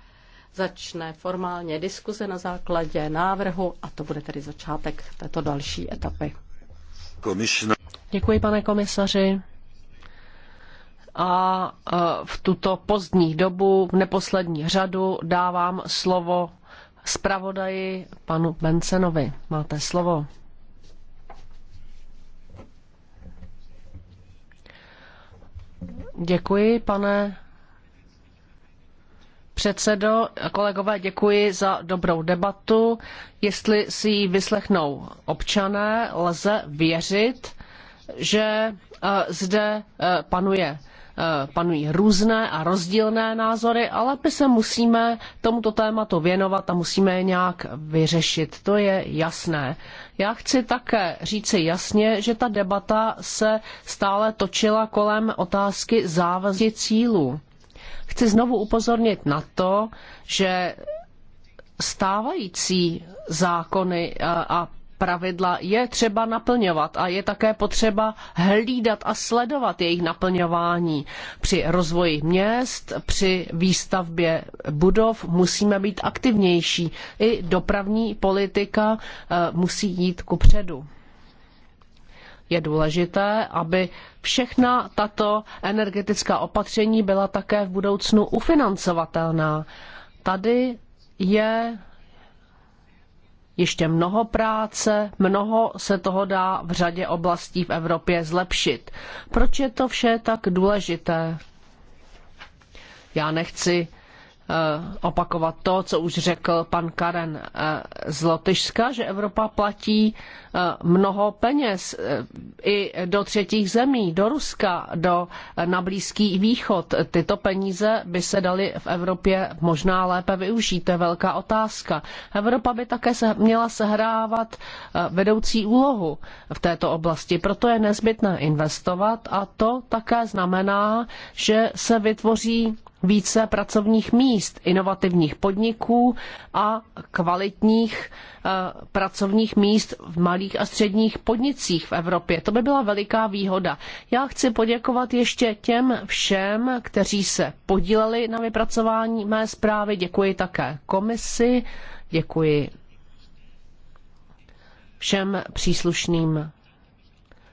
Začne formálně diskuze na základě návrhu a to bude tedy začátek této další etapy. Děkuji, pane komisaři a e, v tuto pozdní dobu v neposlední řadu dávám slovo zpravodaji panu Bencenovi. Máte slovo. Děkuji, pane předsedo, kolegové, děkuji za dobrou debatu. Jestli si ji vyslechnou občané, lze věřit, že e, zde e, panuje Eh, panují různé a rozdílné názory, ale my se musíme tomuto tématu věnovat a musíme je nějak vyřešit. To je jasné. Já chci také říci jasně, že ta debata se stále točila kolem otázky závazky cílů. Chci znovu upozornit na to, že stávající zákony eh, a pravidla je třeba naplňovat a je také potřeba hlídat a sledovat jejich naplňování. Při rozvoji měst, při výstavbě budov musíme být aktivnější. I dopravní politika eh, musí jít kupředu je důležité, aby všechna tato energetická opatření byla také v budoucnu ufinancovatelná. Tady je ještě mnoho práce, mnoho se toho dá v řadě oblastí v Evropě zlepšit. Proč je to vše tak důležité? Já nechci Eh, opakovat to, co už řekl pan Karen eh, z Lotyšska, že Evropa platí eh, mnoho peněz i do třetích zemí, do Ruska, do, na Blízký východ. Tyto peníze by se daly v Evropě možná lépe využít, to je velká otázka. Evropa by také se, měla sehrávat vedoucí úlohu v této oblasti, proto je nezbytné investovat a to také znamená, že se vytvoří více pracovních míst, inovativních podniků a kvalitních eh, pracovních míst v malých a středních podnicích v Evropě. To by byla veliká výhoda. Já chci poděkovat ještě těm všem, kteří se podíleli na vypracování mé zprávy. Děkuji také komisi, děkuji všem příslušným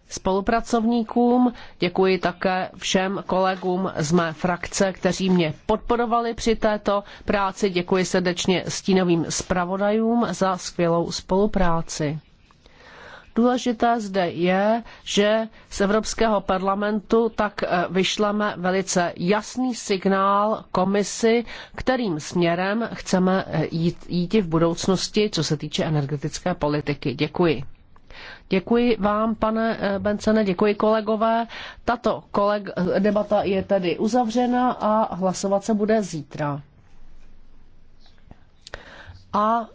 spolupracovníkům, děkuji také všem kolegům z mé frakce, kteří mě podporovali při této práci, děkuji srdečně stínovým zpravodajům za skvělou spolupráci. Důležité zde je, že z Evropského parlamentu tak eh, vyšleme velice jasný signál komisi, kterým směrem chceme eh, jít, jít v budoucnosti, co se týče energetické politiky. Děkuji. Děkuji vám, pane eh, Bencene, děkuji kolegové. Tato koleg- eh, debata je tedy uzavřena a hlasovat se bude zítra. A